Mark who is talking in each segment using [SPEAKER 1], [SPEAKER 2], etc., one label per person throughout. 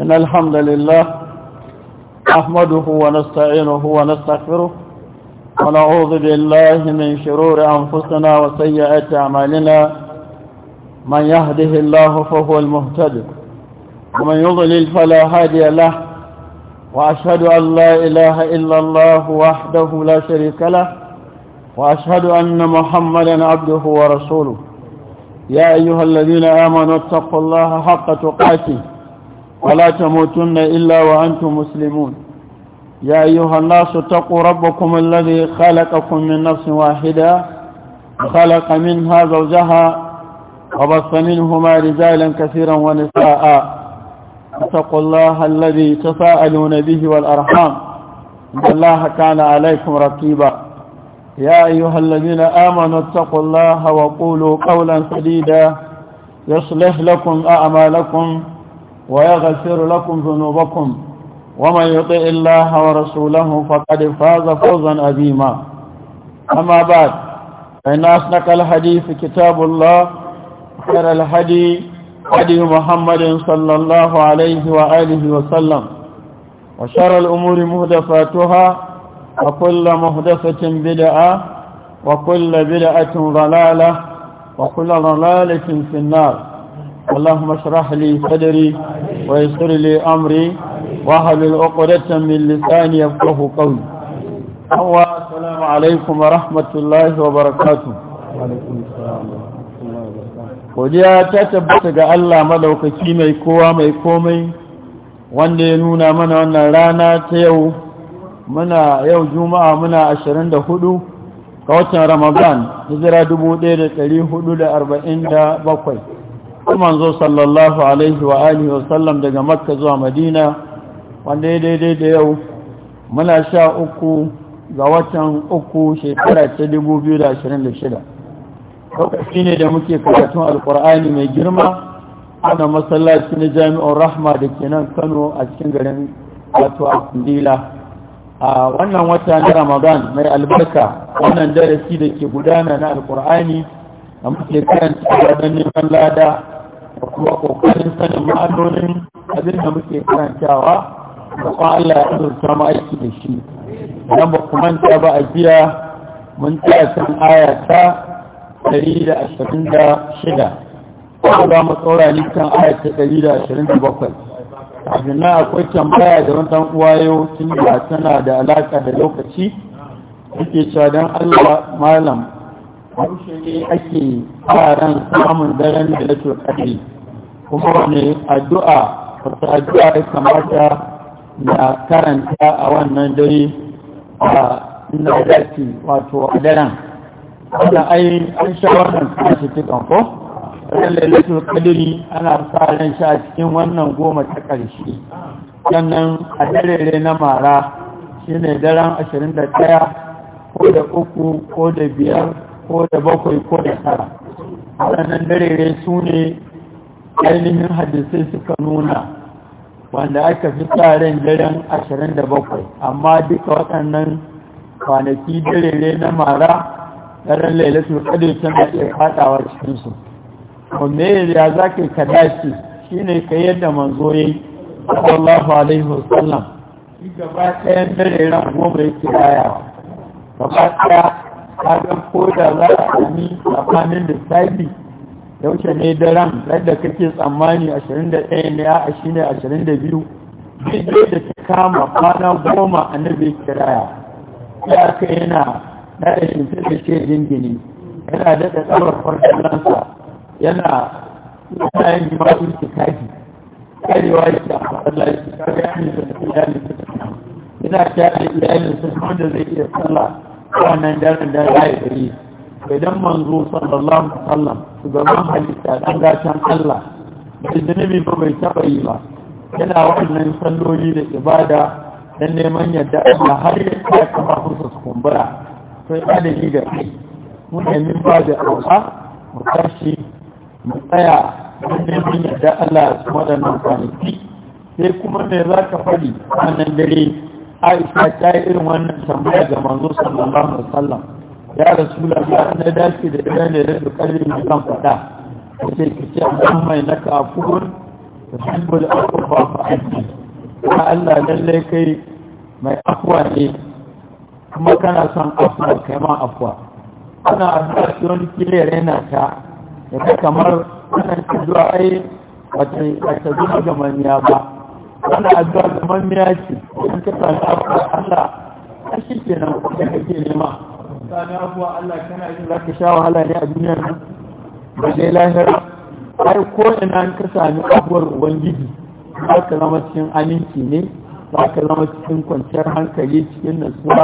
[SPEAKER 1] إن الحمد لله أحمده ونستعينه ونستغفره ونعوذ بالله من شرور أنفسنا وسيئات أعمالنا من يهده الله فهو المهتد ومن يضلل فلا هادي له وأشهد أن لا إله إلا الله وحده لا شريك له وأشهد أن محمدا عبده ورسوله يا أيها الذين آمنوا اتقوا الله حق تقاته ولا تموتن إلا وأنتم مسلمون يا أيها الناس اتقوا ربكم الذي خلقكم من نفس واحدة خلق منها زوجها وبص منهما رجالا كثيرا ونساء اتقوا الله الذي تساءلون به والأرحام إن الله كان عليكم رقيبا يا أيها الذين آمنوا اتقوا الله وقولوا قولا سديدا يصلح لكم أعمالكم ويغفر لكم ذنوبكم ومن يطع الله ورسوله فقد فاز فوزا أزيما أما بعد فإن أصدق الحديث كتاب الله خير الهدي هدي محمد صلى الله عليه وآله وسلم وشر الأمور مهدفاتها وكل مهدفة بدعة وكل بدعة ضلالة وكل ضلالة في النار اللهم اشرح لي صدري ويسر لي امري واحلل عقدة من لساني يفقهوا قولي السلام عليكم ورحمة الله وبركاته وعليكم السلام ورحمه
[SPEAKER 2] الله وبركاته
[SPEAKER 1] وديا ta ga Allah madaukaki mai kowa mai komai wanda ya nuna mana wannan rana ta yau muna yau juma'a muna 24 ga watan ramadan hijira 1447 manzo sallallahu alaihi wa alihi wa sallam daga makka zuwa madina wanda ya daidai da yau muna sha uku ga watan uku shekara ta 2026 lokaci ne da muke karatun alkur'ani mai girma ana masallaci na jami'ar rahma da ke nan kano a cikin garin wato a kundila a wannan wata na ramadan mai albarka wannan darasi da ke gudana na alkur'ani da muke karanta wadannan neman lada da kuma kokarin sanin ma'anonin abin da muke karantawa da kuma Allah ya azurta mu aiki da shi idan ba ku manta ba a jiya mun tsaya kan aya ta 126 kuma ba mu tsora ni kan aya ta 127 kafin nan akwai tambaya da wata dan uwa yau tun da tana da alaka da lokaci yake cewa dan Allah malam haushe ne ake faran samun daren da lato kadai kuma wani addu'a wata addu'a ya kamata na karanta a wannan dare a na zaki wato a daren wanda ai an sha wannan kuma shi cikin ko lallai lato kadiri ana faran sha cikin wannan goma ta ƙarshe sannan a dare na mara shine daren 21 ko da uku ko da biyar ko da bakwai ko da tara waɗannan darere su ne ainihin hadisai suka nuna wanda aka fi tsarin daren 27 amma duka waɗannan kwanaki darere na mara daren lailatul qadr tana iya fadawa cikin su ko me ya zaka ka dace shine kai yadda manzo yayi sallallahu alaihi wasallam
[SPEAKER 2] gaba ɗayan dare
[SPEAKER 1] ran goma yake rayawa gaba ɗaya kaga ko da za a sami tsakanin lissafi yaushe ne daren yadda kake tsammani 21 ne a shi ne 22 duk da ta kama kwana goma a nabi kiraya ya ka yana na da shimfi da ke jingini yana da tsawar lansa yana yin masu tikaji karewa shi a matsalashi kaga yanin da ta iyalin su yana ta iyalin su wanda zai iya sallah wannan daren da ya yi gari idan manzo sallallahu alaihi wasallam shugaban halitta dan gashan Allah bai zunubi ba bai taɓa yi ba yana wannan salloli da ibada dan neman yadda Allah har ya kai kafa su kumbura sai adadi da kai mun yi min ba da Allah mu tashi mu tsaya dan neman yadda Allah su nan kwanaki sai kuma me za ka faɗi wannan dare aisha ta yi irin wannan tambaya ga manzo sallallahu alaihi wasallam ya rasulullah na dace da da ina ne da kalli mai kan fada sai ki ce an mai na kafurun tuhibbul afwa fa aiki ya Allah lalle kai mai afwa ne kuma kana son afwa kai ma afwa ana addu'a shi wani kile rena ta da kamar ana addu'a ai wata wata zuwa ga manya ba wanda addu'a zaman miya ce in ka sami abuwa Allah a shi ke nan da ke nema na abuwa Allah kana yin za ka sha wahala ne a duniya nan ba dai lahira ai ko ina in ka sami abuwar ubangiji za ka zama cikin aminci ne za ka zama cikin kwanciyar hankali cikin nasuwa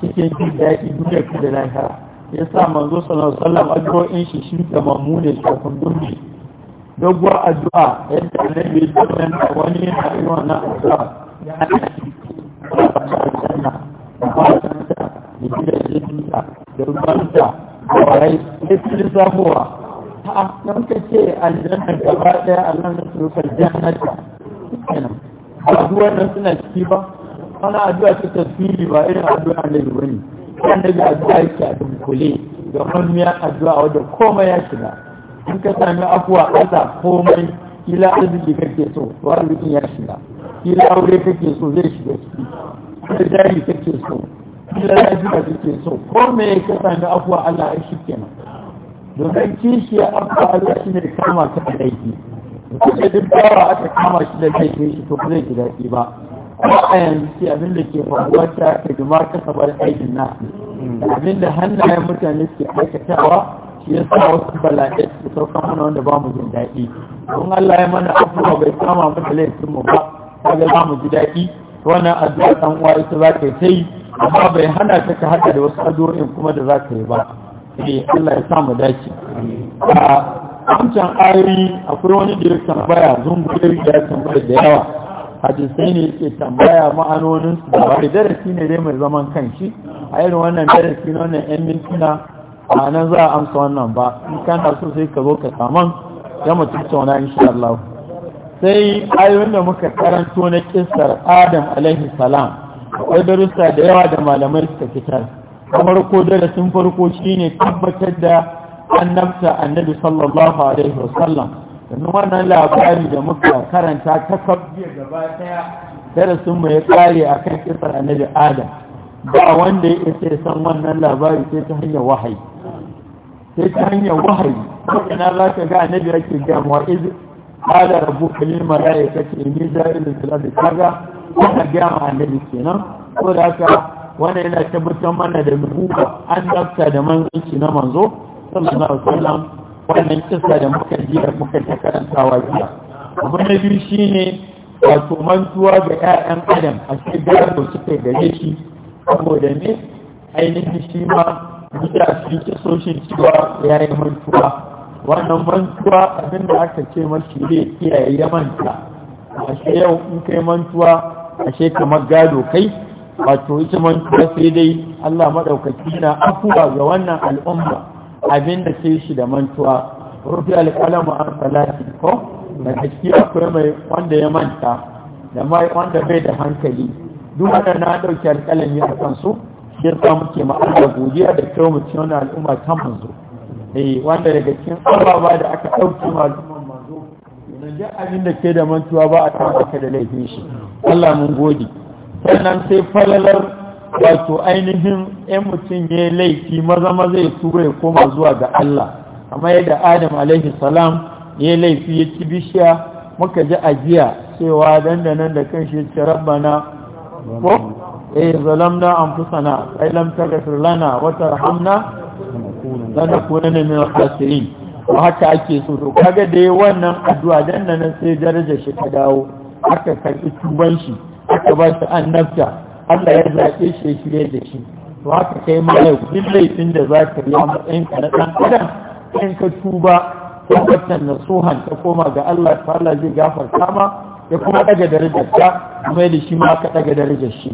[SPEAKER 1] cikin jin daɗi duniya ka da lahira ya sa manzo sallallahu alaihi wasallam addu'o'in shi shi ga mamune shi kundin dogon addu'a yadda annabi ya tsananta wani yana yi wannan addu'a ya hana shi ba ta aljanna
[SPEAKER 2] da fatansa da gidajensa da rubansa da warai da cikin
[SPEAKER 1] zamowa a don ka ce aljanna gaba ɗaya a nan su rufe jannata kenan addu'ar nan suna ciki ba wani addu'a ta tasiri ba irin addu'a annabi bane annabi addu'a yake a dunkule ga mamiya addu'a wadda komai ya shiga in ka sami afuwa ƙasa komai ila arziki kake so to arzikin ya shiga ila aure kake so zai shiga ciki ila jari kake so ila lafiya kake so komai ka sami afuwa Allah ya shi kenan domin kishiya afuwa Allah shi ne kama ka da laifi kuma duk bawa aka kama shi da laifin shi to ba zai ji daɗi ba kuma a yanzu ce abin da ke faruwa ta ta jima ka sabar aikin nasu abin da hannayen mutane suke aikatawa shi ya sa wasu bala'i su saukan mana wanda ba mu jin daɗi don Allah ya mana abubuwa bai kama mata laifin mu ba kaga za mu ji daɗi wannan addu'a ɗan uwa ita za ka yi ta amma bai hana ta ka haɗa da wasu addu'o'in kuma da za ka yi ba sai eh, Allah ya sa mu dace a wancan ayoyi akwai wani da ya tambaya da ya tambaya da yawa hadisai ne yake tambaya ma'anonin su da wani darasi ne dai mai zaman kanshi a irin wannan darasi na wannan yan mintuna a nan za a amsa wannan ba in kana so sai ka zo ka saman ya mutum tauna insha Allah sai ayoyin da muka karanto na kisar Adam alaihi salam akwai darussa da yawa da malamai suka fitar kamar ko darasin farko shine tabbatar da annabta annabi sallallahu alaihi wasallam yanzu wannan labari da muka karanta ta
[SPEAKER 3] kabbiya gaba daya
[SPEAKER 1] darasin mu ya kare kan kissar annabi Adam ba wanda ya isa san wannan labari sai ta hanyar wahayi sai ta hanyar wahayi ina za ka ga annabi yake ga ya yi rabbuka lil malaikati inni za'ilun fil ardi kaga wannan ga annabi kenan ko da aka, wannan yana tabbatar mana da nubuwa an dafta da manzanci na manzo sallallahu alaihi wasallam wannan kisa da muka ji da muka ta karantawa jiya abu na biyu shine wato mantuwa ga 'ya'yan adam a cikin da suka gare shi saboda ne ainihin shi ma duka cikin kisoshin cewa ya yi mantuwa wannan mantuwa abinda aka ce mashi zai kiyaye ya manta shi yau in kai mantuwa ashe kamar gado kai wato ita mantuwa sai dai Allah maɗaukaki na afuwa ga wannan al'umma abinda sai shi da mantuwa rufi alƙalamu an salati ko da gaskiya akwai mai wanda ya manta da mai wanda bai da hankali duk wanda na ɗauki alƙalami a kansu shi yasa muke ma Allah godiya da kyau mu ci al'umma ta manzo eh wanda daga cikin ababa da aka dauke ma al'umman manzo ji abin da ke da mantuwa ba a aka da laifin shi Allah mun gode sannan sai falalar wato ainihin ‘yan mutum ya yi laifi maza maza ya tura ya koma zuwa ga Allah amma yadda Adam alaihi salam ya yi laifi ya ci bishiya muka ji ajiya cewa dandanan da kan shi ci rabbana إيه ظلمنا أنفسنا أي لم تغفر لنا وترحمنا لنكونن من الخاسرين وحتى ake so to kaga da wannan addu'a dan nan sai darajar shi ta dawo aka karbi tuban shi aka ba shi annabta Allah ya zaɓe shi shirye da shi to haka kai ma yau laifin da za yi a matsayin ka na ɗan adam in ka tuba tabbatan nasuhan ta koma ga Allah ta Allah zai gafarta ma ya kuma daga darajar ta kuma da shi ma aka daga darajar shi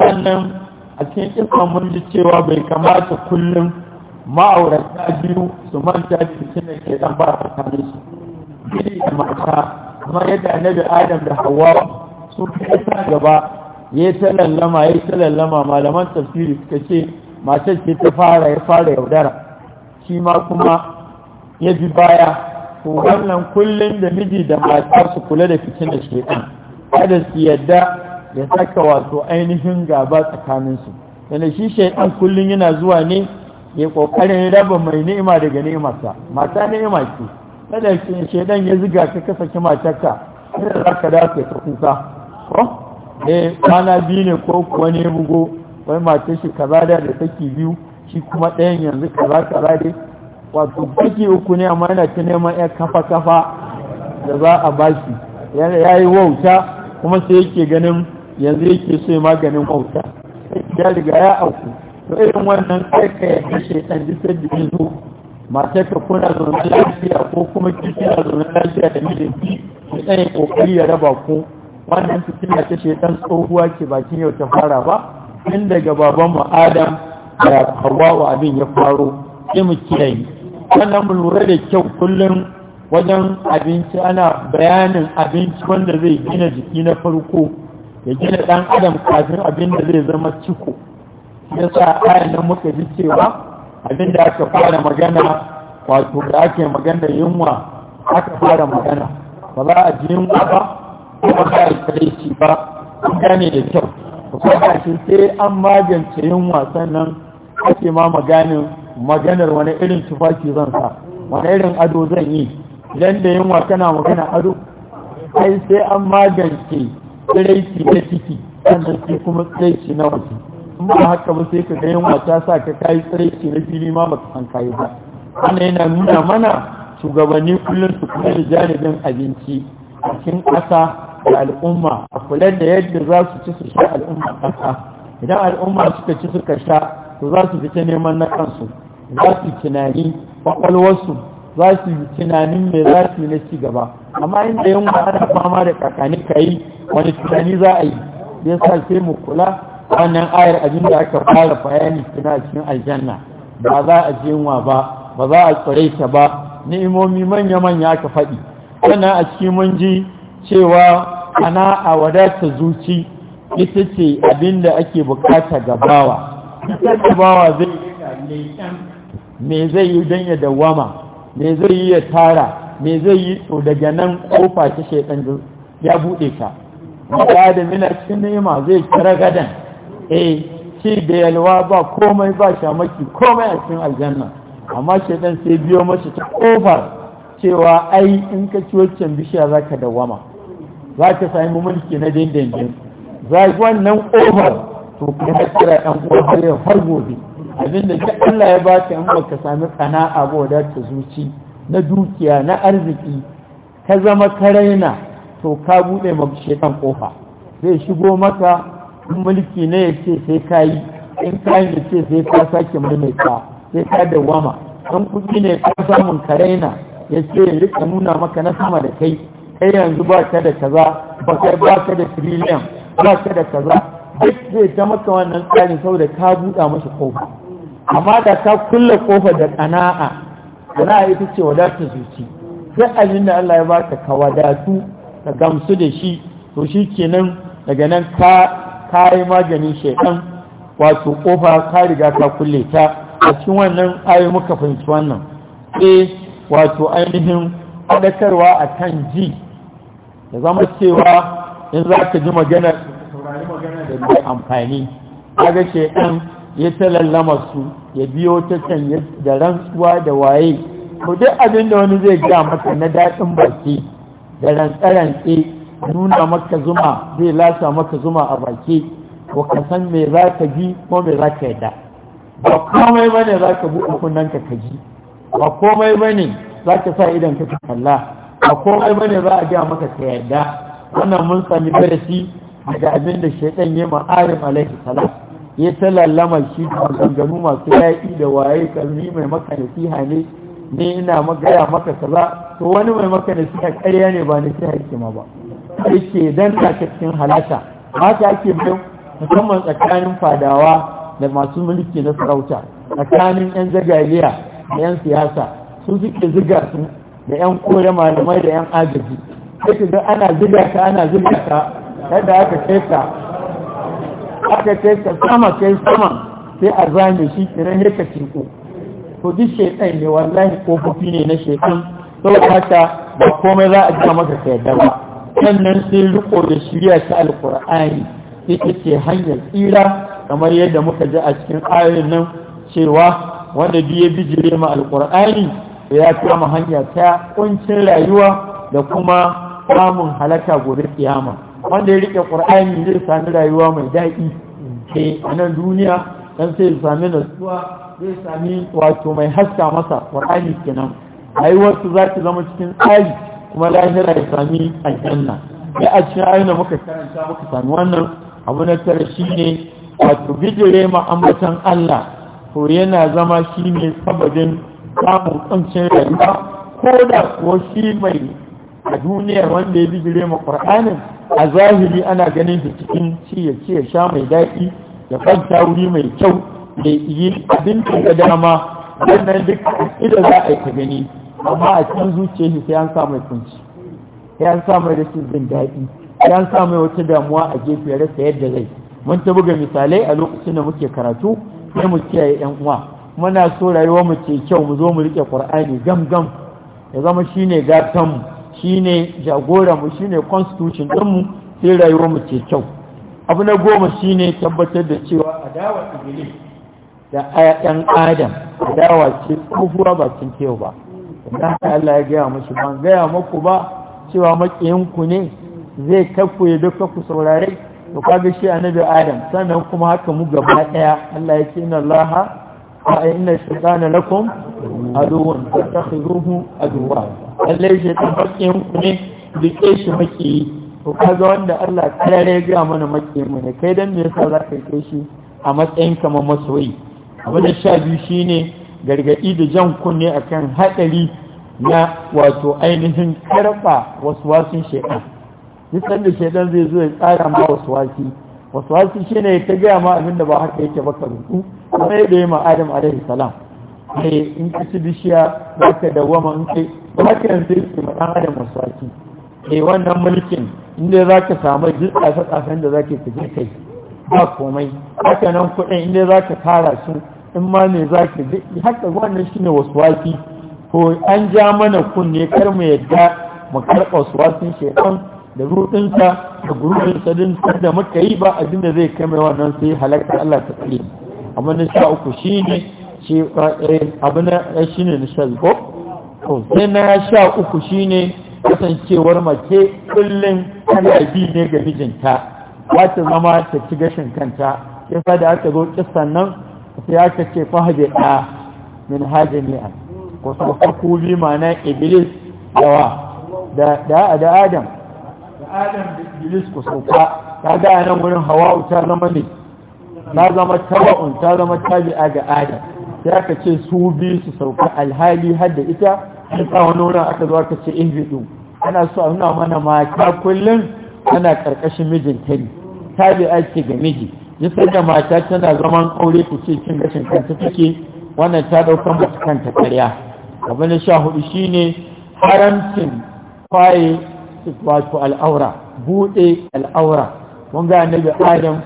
[SPEAKER 1] sannan a cikin kisan mun ji cewa bai kamata kullum ma'aurata biyu su manta cikin da ke dan ba tsakanin su gidi da mata kuma yadda annabi adam da hawa sun kai ta gaba ya yi ta lallama ya yi ta lallama malaman tafsiri suka ce matar ce ta fara ya fara yaudara shi ma kuma ya bi baya to wannan kullum da miji da mata su kula da fitina shekan kada su yadda ya saka wato ainihin gaba tsakaninsu yana shi shaidan kullum yana zuwa ne ya kokarin raba mai ni'ima daga ni'imarsa mata ni'ima ce kada shaidan ya ziga ka kasance matarka kada za ka dace ka kusa ko eh kwana biyu ne ko kuwa ne bugo wai matar shi kaza da da take biyu shi kuma ɗayan yanzu kaza kaza dai wato baki uku ne amma yana ta neman ya kafa kafa da za a bashi ya yi wauta kuma sai yake ganin yanzu yake so maganin wauta ya riga ya auku to irin wannan aika ya kashe ɗan jisar da yanzu matar ka kuna zaune lafiya ko kuma kiki na zaune lafiya da mijinki ki ɗaya ƙoƙari ya raba ku wannan fitina kashe ɗan tsohuwa ke bakin yau ta fara ba tun daga baban mu adam da hawa abin ya faro sai mu kiyaye wannan mu lura da kyau kullum wajen abinci ana bayanin abinci wanda zai gina jiki na farko ya gina ɗan adam kafin abin da zai zama ciko ya sa ayan nan muka ji cewa abin da aka fara magana wato da ake magana yunwa aka fara magana ba za a ji yunwa ba kuma ba a kare ba an gane da kyau kuma shi sai an magance yunwa sannan ake ma maganar wani irin tufafi zan sa wani irin ado zan yi idan da yunwa kana magana ado ai sai an magance tsiraiki na ciki sannan ke kuma tsiraiki na waje ba haka ba sai ka ga yin wata sa ka kayi tsiraiki na fili ma ba san kayi ba wannan yana nuna mana shugabanni kullum su kuma da janibin abinci a cikin ƙasa da al'umma a kula da yadda za su ci su sha al'umma ƙasa idan al'umma suka ci suka sha to za su fita neman na kansu za su tunani kwakwalwarsu za su yi tunanin mai za su yi na ci gaba amma inda yunwa ana fama da kakani ka yi wani tunani za a yi ya sa sai mu kula wannan ayar abin da aka fara bayani suna cikin aljanna ba za a ji yunwa ba ba za a tsare ta ba ni'imomi manya-manya aka faɗi wannan a cikin mun ji cewa ana a wadata zuci ita ce abin da ake bukata gabawa gabawa zai yi me zai yi don ya dawama me zai yi ya tara me zai yi to daga nan kofa ta shaidan ya buɗe ta ba da mina cikin nema zai kira gadan eh ci da yalwa ba komai ba maki komai a cikin aljanna amma shaidan sai biyo masa ta kofar cewa ai in ka ci waccan bishiya za ka dawama za ka sami mulki na dindindin za wannan kofar to kuma kira ɗan uwa har yau har gobe abinda da duk Allah ya ba ka in baka sami kana'a ba ta zuci na dukiya na arziki ka zama karaina to ka buɗe maka shekan kofa zai shigo maka in mulki ne ya ce sai ka yi in kayan ya ce sai ka sake maimaita sai ka dawama an kuɗi ne ka samun karaina ya ce ya rika nuna maka na sama da kai kai yanzu ba ka da kaza ba ka ba ka da trillion ba ka da kaza duk zai ta maka wannan tsarin saboda ka buɗa masa kofa amma da ka kulle kofa da kana'a yi ita ce wadatar zuci sai abin da Allah ya baka ka wadatu ka gamsu da shi to shi kenan daga nan ka yi maganin shaidan wato kofa ka riga ka kulle ta a cikin wannan ayi muka fahimci wannan eh wato ainihin faɗakarwa a kan ji da zama cewa in za ka ji magana da amfani, amfani ga shaidan ya talallama su ya biyo ta can da rantsuwa da waye ko duk abin da wani zai ga maka na daɗin baki da rantsarantse nuna maka zuma zai lasa maka zuma a baki ko ka san me za ka ji ko me za ka yadda ba komai ba ne za ka buɗe kunnen ka ka ji ba komai ba ne za ka sa idan ka kalla ba komai ba ne za a ga maka ka yarda wannan mun sami darasi daga abin da shaidan ya ma'arim alaihi salam ya ta lallama shi maganganu masu yaƙi da waye kalmi mai maka nasiha ne ne ina magaya maka kaza to wani mai maka nasiha karya ne ba nasiha yake ma ba yake dan ta cikin halata ta ake mai musamman tsakanin fadawa da masu mulki na sarauta tsakanin yan zagaliya da yan siyasa su suke ziga su da yan kore malamai da yan agaji sai ga ana ziga ka ana ziga ka yadda aka kai ka aka kai ka sama kai sama sai a zame shi kiran hirka teku to duk shekai ne wallahi kofofi ne na shaitan saboda haka ba komai za a ji maka kai yadda ba sannan sai riko da shirya ta alkur'ani ita ce hanyar tsira kamar yadda muka ji a cikin ayoyin nan cewa wanda bi bijire ma alkur'ani ya kama hanya ta kuncin rayuwa da kuma samun halaka gobe kiyama wanda ya rike ƙur'ani zai sami rayuwa mai daɗi eh, a nan duniya dan sai ya sami nasuwa zai sami wato mai haska masa ƙur'ani kenan rayuwarsu za ta zama cikin tsari kuma lahira ya sami aljanna ya a cikin ayyana muka karanta muka sami wannan abu na tara shine wato bijire ma ambatan Allah to yana zama shi shine sababin samun kancin rayuwa ko da wasu mai a duniyar wanda ya bigire ma ƙur'anin a zahiri ana ganin shi cikin ciye sha mai daɗi da kwanta wuri mai kyau da yi abin da dama wannan duk ida za a yi ta gani amma a cikin zuciya shi sai an sa mai kunci sai an sa mai rashin jin daɗi sai an sa mai wata damuwa a gefe ya rasa yadda zai mun ta buga misalai a lokacin da muke karatu sai mu kiyaye yan uwa muna so rayuwa mu ce kyau mu zo mu riƙe ƙwar'ani gam gam ya zama shine gatan mu shine jagora mu shine constitution ɗinmu sai rayuwa mu ce kyau abu na goma shine tabbatar da cewa adawa iblis da ayyan adam adawa ce tsohuwa cin kewa ba idan Allah ya gaya musu ban gaya muku ba cewa makiyinku ne zai kafu ya duka ku saurare to kaga shi annabi adam sannan kuma haka mu gaba ɗaya? Allah ya ce inna allaha wa inna shaytana lakum aduwwun adu aduwwa lallai shi ta bakin ku ne ke shi makiyi to kaga wanda Allah karare ga mana makiyi mu ne kai dan me yasa za ka kai shi a matsayin kamar masoyi abu da sha biyu shine gargaɗi da jan kunne akan haɗari na wato ainihin karɓa wasun shaidan duk sanda shaiɗan zai zo ya tsara ma wasuwasi wasuwasi shine ne ta gaya ma abin da ba haka yake ba ka rubu kuma ya da yi ma adam alaihi salam eh, in ka ci bishiya baka ka dawama in kai kuma yanzu yake ma adam wasaki eh wannan mulkin inda za ka samu duk ta ƙasan da za ka fi kai ba komai haka nan kuɗin inda za ka tara su in ma ne za ka ji haka wannan shine waswaki ko an ja mana kunne kar mu yadda mu karɓa waswakin shekan da rudinsa da gurbin sadin da muka yi ba abin da zai kai mai wannan sai halakar Allah ta tsare amma na sha uku shi eh, abin da eh, ne na sha sai na sha uku shine kasancewar mace kullum tana bi ne ga mijinta ba ta zama ta ci gashin kanta kisa da aka zo kisan nan sai aka ce fahaje a min hajami'a ko su farko bi mana iblis dawa da a da adam da adam da iblis ku sauka kaga nan wurin hawa'u ta zama ne ta zama tawa'un ta zama tabi'a ga adam Ya ka ce su biyu su sauka alhali har da ita an tsawon nuna aka zo ka ce eh, injidu ana so a nuna mana mata kullum tana karkashin mijinta ne ta bi ake ga miji yasa da mata tana zaman aure ku ce cin gashin kanta take wannan ta ɗaukar masu kanta karya abu na sha hudu shine haramcin kwaye wato al'aura buɗe al'aura mun ga annabi adam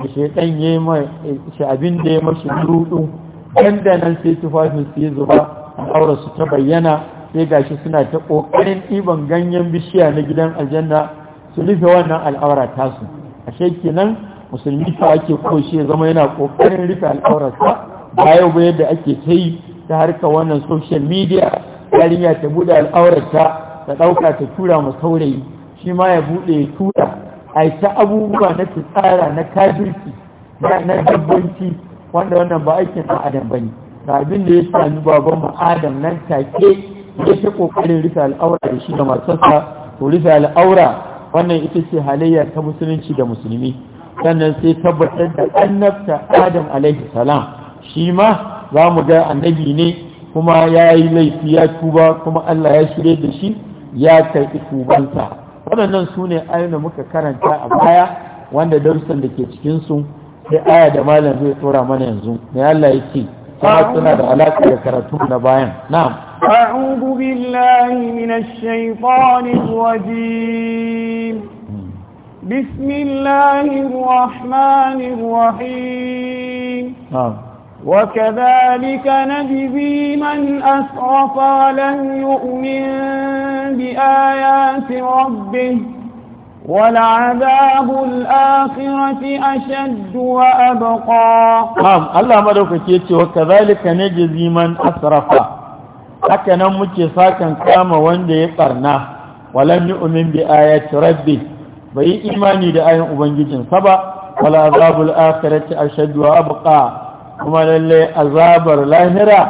[SPEAKER 1] da shaitan ya yi mashi abin da ya mashi rudu nan sai tufafin su yi zuba aure su ta bayyana sai gashi suna ta ƙoƙarin ɗiban ganyen bishiya na gidan aljanna su rufe wannan al'aura tasu ashe nan musulmi ta ake koshe zama yana ƙoƙarin rufe al'aurata, ba yau ba yadda ake ta yi ta harka wannan social media yarinya ta buɗe al'aura ta ɗauka ta tura ma saurayi shi ma ya buɗe ya tura a ta abubuwa na fitsara na kafirci na dabbanci wanda wannan ba aikin ɗan adam ba ne ga abin da ya sami baban mu adam nan take ya ta kokarin rufe al'aura da shi da matarsa to rufe al'aura wannan ita ce halayya ta musulunci da musulmi sannan sai tabbatar da annabta adam alaihi salam shi ma za mu ga annabi ne kuma ya yi laifi ya tuba kuma allah ya shirya da shi ya karɓi tubansa waɗannan su ne ayyuna muka karanta a baya wanda darussan da ke cikinsu sai aya da malam zai tsora mana yanzu mai Allah ya ce kuma suna da alaƙa da karatu na bayan na'am
[SPEAKER 3] a'udhu billahi minash shaitanir rajim bismillahir rahmanir rahim وكذلك نجزي من أسرف ولم يؤمن بآيات ربه ولعذاب الآخرة أشد وأبقى
[SPEAKER 1] نعم الله مدوك كيتي وكذلك نجزي من أسرف haka nan muke sakan kama wanda ya karna walam yu'min bi ayati rabbi bai yi imani da ayin ubangijinsa ba wala azabul akhirati ashaddu wa kuma lallai azabar lahira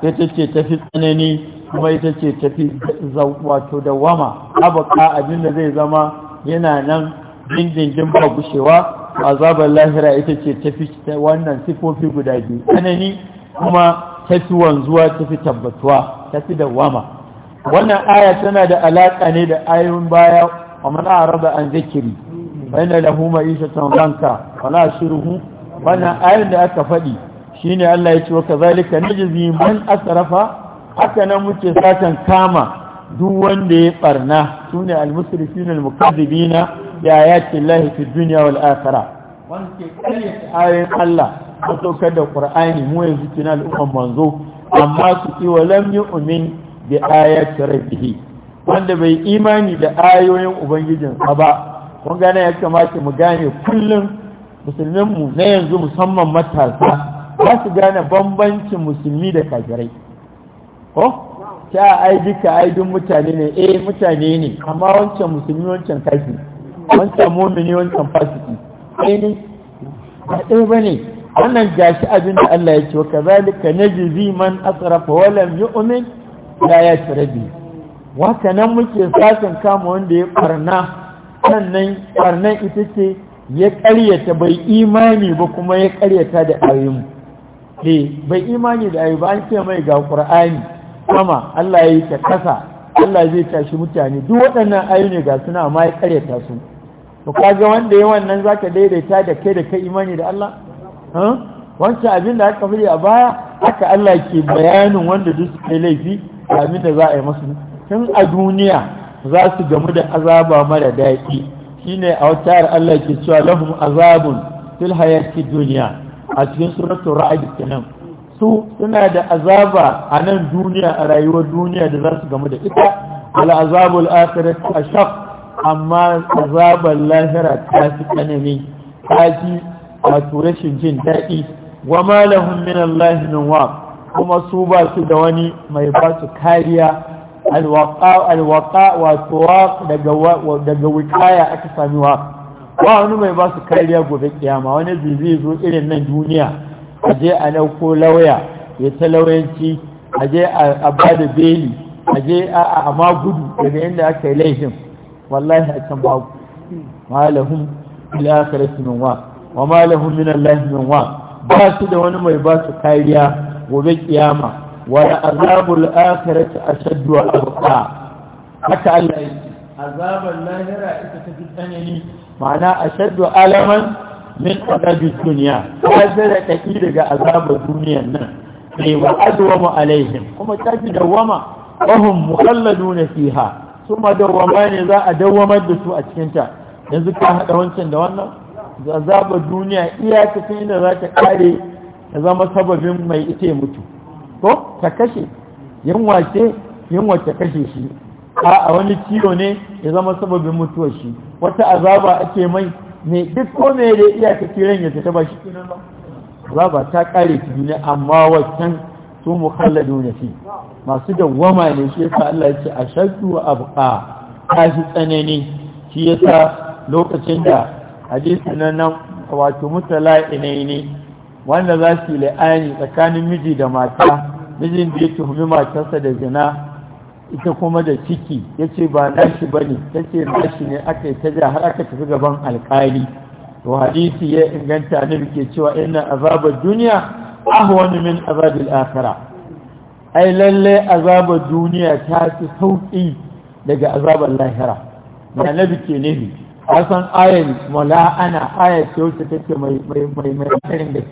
[SPEAKER 1] ita ce tafi tsanani kuma ita ce tafi wato dawama abqa abinda zai zama yana nan dindindin ba gushewa azabar lahira ita ce tafi wannan sifofi guda biyu tsanani kuma tafi wanzuwa tafi tabbatuwa tafi dawama wannan aya tana da alaƙa ne da ayoyin baya wa a arada an zikiri huma isa ma'ishatan ranka wala shirhu wannan ayoyin da aka faɗi shine Allah ya ce wa kazalika najzi man asarafa haka nan muke satan kama duk wanda ya barna sune al-musrifin al-mukazzibina bi ayati llahi fi dunya wal akhira
[SPEAKER 2] wanda ke
[SPEAKER 1] ayoyin Allah ko saukar da Qur'ani mu yanzu kina al'umman manzo amma su ce wa lam yu'min bi ayati wanda bai imani da ayoyin ubangijin sa ba kun gane ya kamata mu gane kullum musulmin mu na yanzu musamman matasa za su gane bambancin musulmi da kafirai ko ta ai duka ai duk mutane ne eh mutane ne amma wancan musulmi wancan kafi wancan mumini wancan fasiki eh ne ba ɗaya ba ne wannan gashi abin da Allah ya ce wa kazalika najzi man asrafa wa lam yu'min la yasrabi wata nan muke sakin kama wanda ya farna sannan farnan ita ce ya ƙaryata bai imani ba kuma ya ƙaryata da ayoyin eh bai imani da ayoyi ba an ce mai ga qur'ani sama Allah ya yi ta kasa Allah zai tashi mutane duk waɗannan ayoyi ga suna amma ya karyata su to kaga wanda ya wannan zaka daidaita da kai da kai imani da Allah wancan abin da aka fili a baya haka Allah ke bayanin wanda duk suka laifi abin da za a yi masu tun a duniya za su gamu da azaba mara daɗi shine a wata Allah ke cewa lahum azabun fil hayati duniya a cikin suratul ra'd kenan su suna da azaba a nan duniya a rayuwar duniya da za su gamu da ita al'azabul akhirat ashaq amma azabar lahira ta fi tsanani ta fi wato rashin jin daɗi wa ma min Allah min wa kuma su ba su da wani mai ba su kariya alwaqa alwaqa wa daga daga wikaya aka sami wa ba wani mai ba su kariya gobe kiyama wani zai zo irin nan duniya Aje a nauko lauya ya ta lauyanci aje a ba da beli aje a ma gudu daga inda aka yi laifin wallahi a can babu malahun ilakar min wa wa malahun min Allah wa ba su da wani mai ba su kariya gobe kiyama wala azabul akhirati ashaddu wa abqa haka Allah yake azabar lahira ita ta fi tsanani ma'ana ashaddu alaman min azabi duniya ta zira kaki daga azabar duniyan nan ne wa adwamu alaihim kuma ta fi dawama wahum mukhalladuna fiha su ma dawama ne za a dawamar da su a cikin ta yanzu ka hada wancan da wannan azabar duniya iya cikin za ta kare ta zama sababin mai ita mutu ko ta kashe yunwa ce yunwa ta kashe shi a wani ciwo ne ya zama sababin mutuwar shi wata azaba ake mai me duk ko me da iya ta kiran ya ta ba shi ba ta kare ta duniya amma wancan su mukhalladu ne fi masu wama ne shi yasa Allah ya ce ashaddu wa abqa ta shi tsanani shi yasa lokacin da hadisi nan nan wato mutala ne wanda za su yi la'ani tsakanin miji da mata mijin da ya tuhumi matarsa da zina ita kuma da ciki ya ce ba nashi ba ne ta ce nashi ne aka yi ta ja har aka tafi gaban alkali to hadisi ya inganta ne ke cewa ina azabar duniya wani min azabar akara ai lalle azabar duniya ta fi sauƙi daga azabar lahira na nabi ke nabi asan ayan mala'ana ayat ce wacce take mai mai mai mai mai mai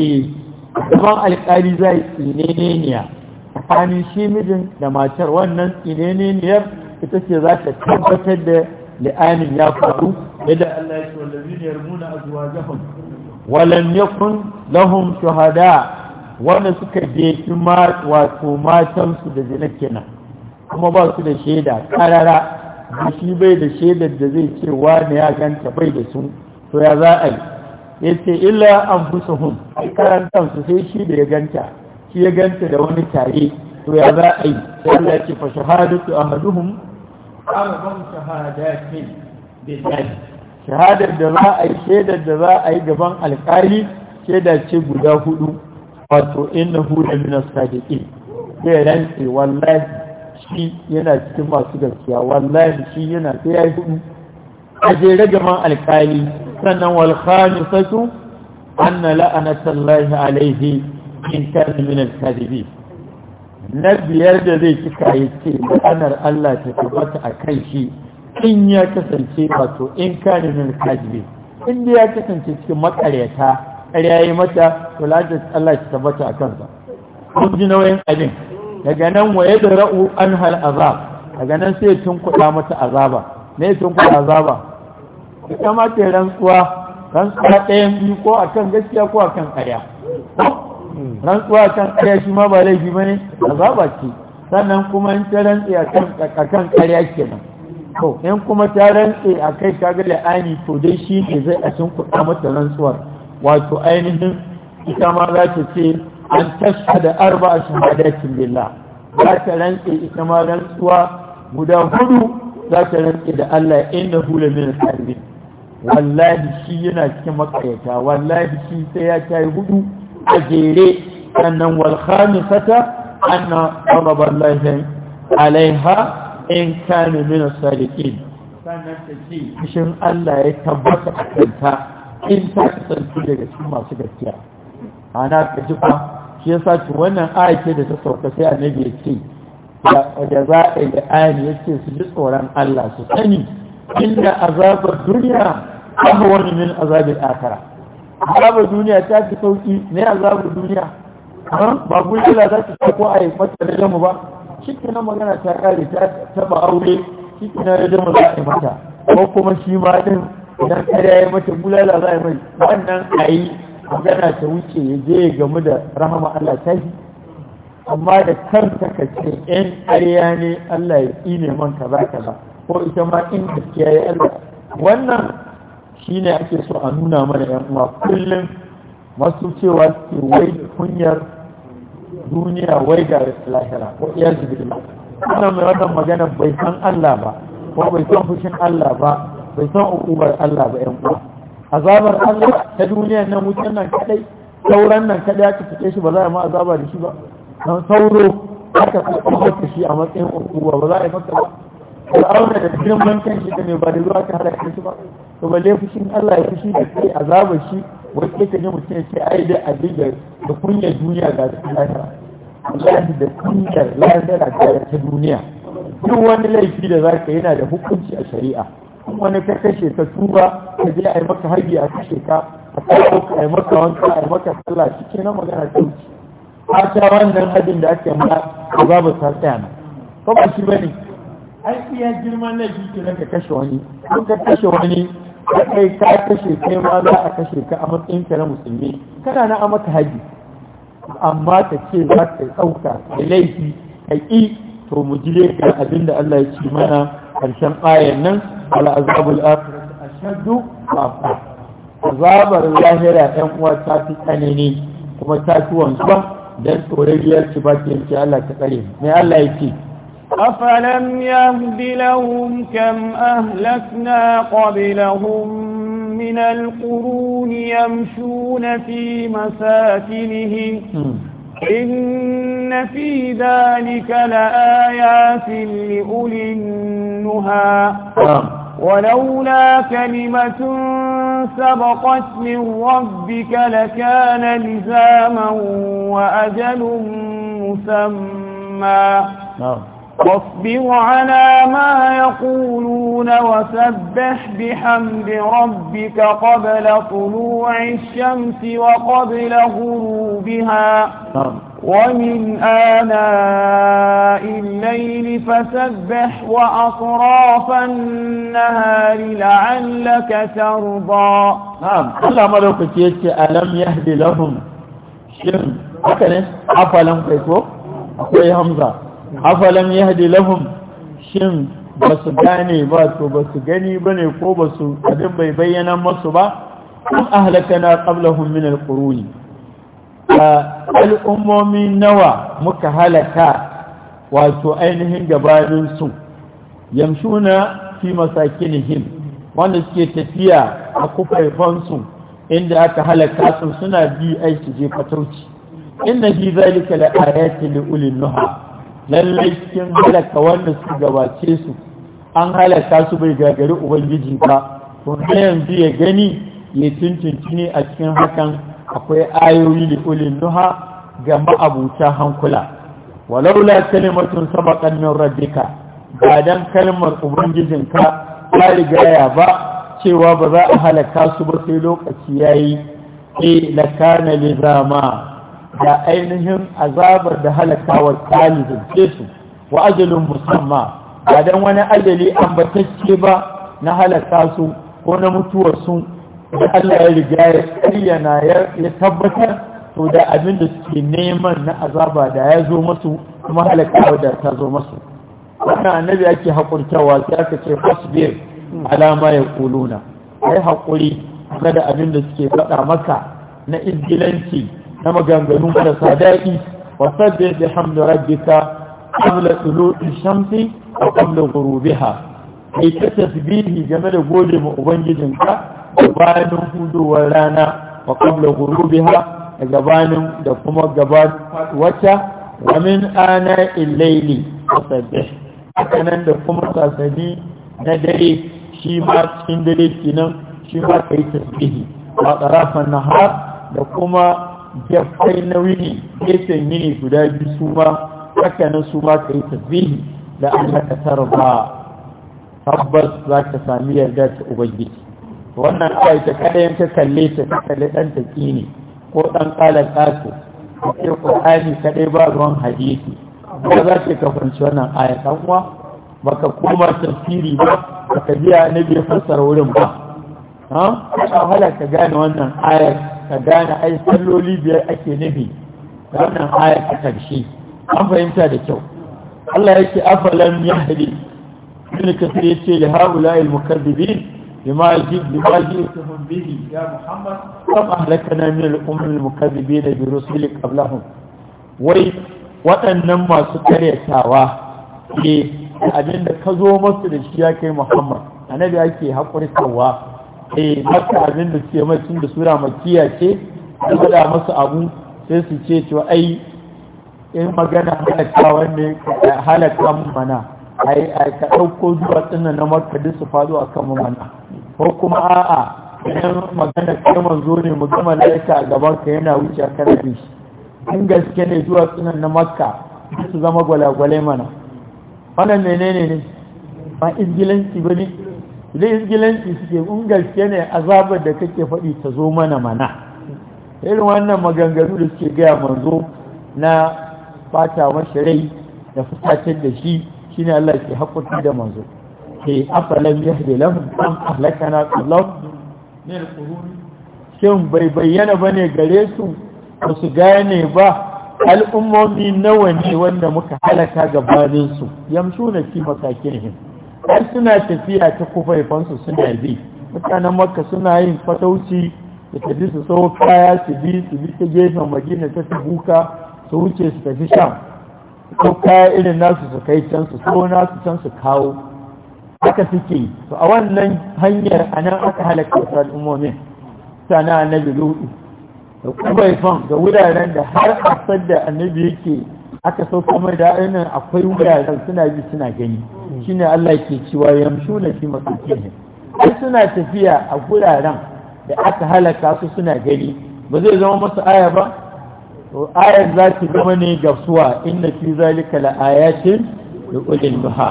[SPEAKER 1] eh mai alƙali zai mai ne amfani shi mijin da matar wannan tsineniyar ita ce za ta tabbatar da li'anin ya faru yadda Allah ya ce wallazina yarmuna azwajahum walam yakun lahum shuhada wanda suka jefi wato matansu da zina kenan kuma ba su da shaida karara da shi bai da shaidar da zai ce ne ya ganta bai da su to ya za a yi ya ce illa an fusa hun su sai shi da ya ganta shi ya ganta da wani tare to ya za a yi sai ya ce fa shahadatu ahaduhum arba'u shahadatin billahi shahadar da za a yi shaidar da za a yi gaban alƙali shaida ce guda hudu wato innahu la min as-sadiqin sai rantsi wallahi shi yana cikin masu gaskiya wallahi shi yana sai ya hudu a jere gaban alƙali sannan wal khamisatu anna la'anatullahi alaihi in kana min al na biyar da zai cika ya ce la'anar Allah ta tabbata a kan shi in ya kasance wato in kana min al-kadhibin in da ya kasance cikin makaryata ƙarya yi mata to la'anar Allah ta tabbata a kansa kun ji nauyin abin daga nan waye da ra'u an hal azab daga nan sai tun kuɗa mata azaba me tun kuɗa azaba ita ma ce rantsuwa rantsuwa ɗayan biyu ko akan gaskiya ko akan ƙarya rantsuwa kan ƙarya shi ma ba laifi ba ne azaba ce sannan kuma in ta rantse a kan ƙarya kenan to in kuma ta rantse a kai ta gale la'ani to dai shi ne zai a cin kuɗa mata rantsuwar wato ainihin ita ma za ta ce an tasha da arba a shahadatin billah za ta rantse ita ma rantsuwa guda hudu za ta rantse da Allah inda hula min sarbi wallahi shi yana cikin makayata wallahi shi sai ya tayi hudu a jere sannan wal khamisata anna ghadaban lahi alaiha in kana min as-sadiqin sannan ta ce Allah ya tabbata a kanta in ta kasance daga cikin masu gaskiya ana ka ji kuma shi ya sace wannan ayake da ta sauka sai annabi ya ce da za a yi ayin ya ce su ji tsoron Allah su sani inda azabar duniya abuwan min azabin ɗakara. azabar duniya ta fi sauki ne azabar duniya ba gulgula za ta sako a yi mata da jama ba shi magana ta kare ta taba aure shi na da jama za a yi mata ko kuma shi ma din idan kare ya mata bulala za a yi mai wannan a yi magana ta wuce ya je ya gamu da rahama Allah ta yi. amma da kan ka ce ƙarya ne Allah ya ƙi neman ka za ka ba ko ita ma in gaskiya ya Allah wannan shi ne ake so a nuna mana yan uwa kullum masu cewa ke wai kunyar duniya wai ga lahira ko iya zubila wannan mai wannan magana bai san Allah ba ko bai san fushin Allah ba bai san ukubar Allah ba yan uwa azabar Allah ta duniya nan wutan nan kadai sauran nan kadai aka fice shi ba za a ma azaba da shi ba dan sauro aka fice shi a matsayin ukuba ba za a yi maka ba fir'auna da girman kan shi ne ba da zuwa ka halaka shi ba to balle fushin Allah ya fushi da kai azaba shi wanda ka ji mutum ya ce ai da abin da da kunyar duniya ga lahira wallahi da kunyar lahira ga ta duniya duk wani laifi da za zaka yana da hukunci a shari'a wani ka kashe ka tuba ka je a yi maka haji a kashe ka a kawo ka yi maka wanka a yi maka sallah shi ke na magana ta wuce fata wannan hadin da ake ma ba za ba ta tsaya na ko ba shi bane
[SPEAKER 3] ai iya girman laifi
[SPEAKER 1] ke ka kashe wani ko ka kashe wani da kai ka kashe kai ma za a kashe ka a matsayin ka na musulmi kana na amata haji amma ta ce za ka ɗauka da laifi ka ƙi to mu ji laifin abin da Allah ya ci mana ƙarshen ayan nan al'azabul akhirah ashaddu wa afdal azabar lahira ɗan uwa ta fi tsanani kuma ta fi wanzuwa dan tsoron riyar ci ba yanke Allah ta tsare mai Allah ya ce
[SPEAKER 3] أفلم يهد لهم كم أهلكنا قبلهم من القرون يمشون في مساكنهم إن في ذلك لآيات لأولي النهى آه. ولولا كلمة سبقت من ربك لكان لزاما وأجل مسمى آه. واصبر على ما يقولون وسبح بحمد ربك قبل طلوع الشمس وقبل غروبها نعم. ومن آناء الليل فسبح وأطراف النهار لعلك ترضى
[SPEAKER 1] نعم الله ملوك تيتش ألم يهدي لهم شم أكنس أفلم كيفو أخوي همزة afalam yahdi lahum shin basu gane ba to ba gani bane ko basu abin bai bayyana musu ba kun ahlakana qablahum min alquruni al'ummomi nawa muka halaka wato ainihin gabanin su yamshuna fi masakinihim wanda suke tafiya a kufaifansu inda aka halaka su suna bi aiki je fatauci inna fi zalika la ayatin li ulil nuha lallai cikin halaka wanda su gabace su an halaka su bai gagari ubangiji ba kuma yanzu ya gani ya cincinci ne a cikin hakan akwai ayoyi da ulin nuha ga ma'abuta hankula walaula kalimatun sabaqan min rabbika ba dan kalmar ubangijin ubangijinka ta rigaya ba cewa ba za a halaka su ba sai lokaci yayi eh lakana lizama da ainihin azabar da halaka wa talibin su wa ajalin musamma ba don wani ajali ambatacce ba na halaka su ko na mutuwar su da Allah ya riga ya ƙaryana ya tabbatar to da abin da suke neman na azaba da ya zo masu kuma halakawa da ta zo masu wannan annabi ake haƙurtawa sai aka ce fasbir alama ya kuluna ai haƙuri kada abin da suke faɗa maka na izgilanci na maganganu marasa daɗi wasadda da hamdu rabbika qabla tulu'i shamsi wa qabla ghurubiha kai ta tasbihi game da gode ma ubangijinka bayanin hudowar rana wa qabla ghurubiha A gabanin da kuma gabar wata wa min ana illaili wasabbih hakanan da kuma sasani na dare shi ma cikin dare kenan shi ma kai tasbihi wa tarafan nahar da kuma jafai na wini gefen yini guda biyu su ma haka nan su ma ka yi tasbihi da Allah ka ba, tabbas za ka sami yarda ta ubangiji wannan aya ta kada yanka kalle ta ta kalle dan taki ne ko dan kala kasu ko Qur'ani kadai ba ruwan hadisi ba za ka kafanci wannan aya kan uwa baka koma tafsiri ba baka biya na bai fassara wurin ba ha ka wahala ka gane wannan ayar ka gane ai salloli biyar ake nufi da wannan ayar ta karshe an fahimta da kyau Allah yake afalan yahdi ibn kasir yace li haula al mukaddibin bima yajid bima yajidhum bihi ya muhammad kam ahlakana min al umm al mukaddibin bi rusulik qablahum wai waɗannan masu karyatawa ne eh, abinda ka zo masu da shi ya kai muhammad annabi ake haƙurtarwa a eh, maka abin da suke macin da sura makiya ce a faɗa masu abu sai su ce cewa ai in magana halaka wanne halatta mu mana ai ai ka ɗauko duwatsun na maka duk su faɗo a kan mana ko kuma a'a idan magana kai manzo ne mu gama laika a gaban ka yana wuce kan shi. in gaske ne duwatsun na makka su zama gwalagwale mana wannan menene ne ba ingilanci ba ne idan izgilanci suke in gaske ne azabar da kake faɗi ta zo mana mana irin wannan maganganu da suke gaya manzo na bata mashi rai da fitatar da shi shi ne Allah ke haƙƙoƙi da manzo ke afalan yahdi lahum am ahlakana qallahu na qurun shin bai bayyana ba ne gare su ba su gane ba al'ummomi nawa ne wanda muka halaka gabaninsu yamshuna fi hin har suna tafiya ta kufaifansu suna bi mutanen makka suna yin fatauci da tafi su sau kaya su bi su bi ta gefen magina ta buka su wuce su tafi sham ko kaya irin nasu su kai can su so nasu can su kawo haka suke to a wannan hanyar a nan aka halaka wasu al'ummomin sana annabi lodi da kubaifan da wuraren da har a da annabi yake aka sauka mai da ainihin akwai wuraren suna bi suna gani shine Allah ke cewa yamshu na fi ne ai suna tafiya a guraren da aka halaka su suna gani ba zai zama masu aya ba to ayar za ta zama ne ga suwa inna fi zalika la ayatin li ulil duha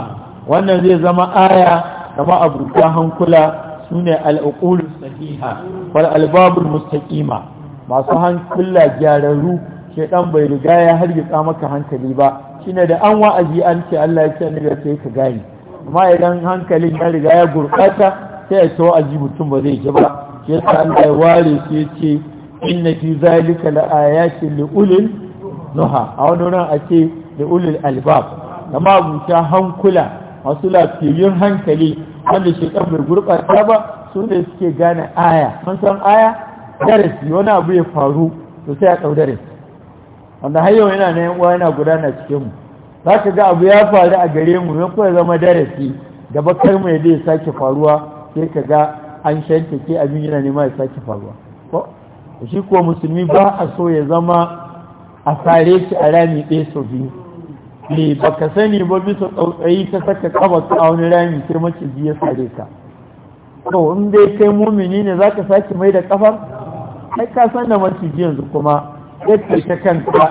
[SPEAKER 1] wannan zai zama aya kama abuta hankula sune al-uqul sahiha wal albabul mustaqima masu hankula gyararru shekan bai riga ya hargitsa maka hankali ba shine da an wa'azi an ce Allah ya ce da sai ka gane amma idan hankalin ya riga ya gurɓata sai ya ce wa'azi mutum ba zai ji ba shi yasa Allah ya ware shi ya ce inna fi zalika la ayatin li ulil nuha a wani ran a ce li ulil albab amma abuta hankula masu lafiyayyun hankali wanda shaidan bai gurbata ba su ne suke gane aya an san aya darasi wani abu ya faru to sai a ɗau wanda har yana na uwa yana gudana cikinmu za ka ga abu ya faru a gare mu ya kuwa zama darasi da bakar mai zai sake faruwa sai ka ga an ke abin yana nema ya sake faruwa shi kuwa musulmi ba a so ya zama a sare shi a rami ɗaya sau biyu ne eh, ba ka sani ba bisa tsautsayi ta saka kabata a wani rami sai maciji ya sare ka to in dai kai mumini ne za ka sake mai da kafar ai ka san da maciji yanzu kuma yadda ta kanka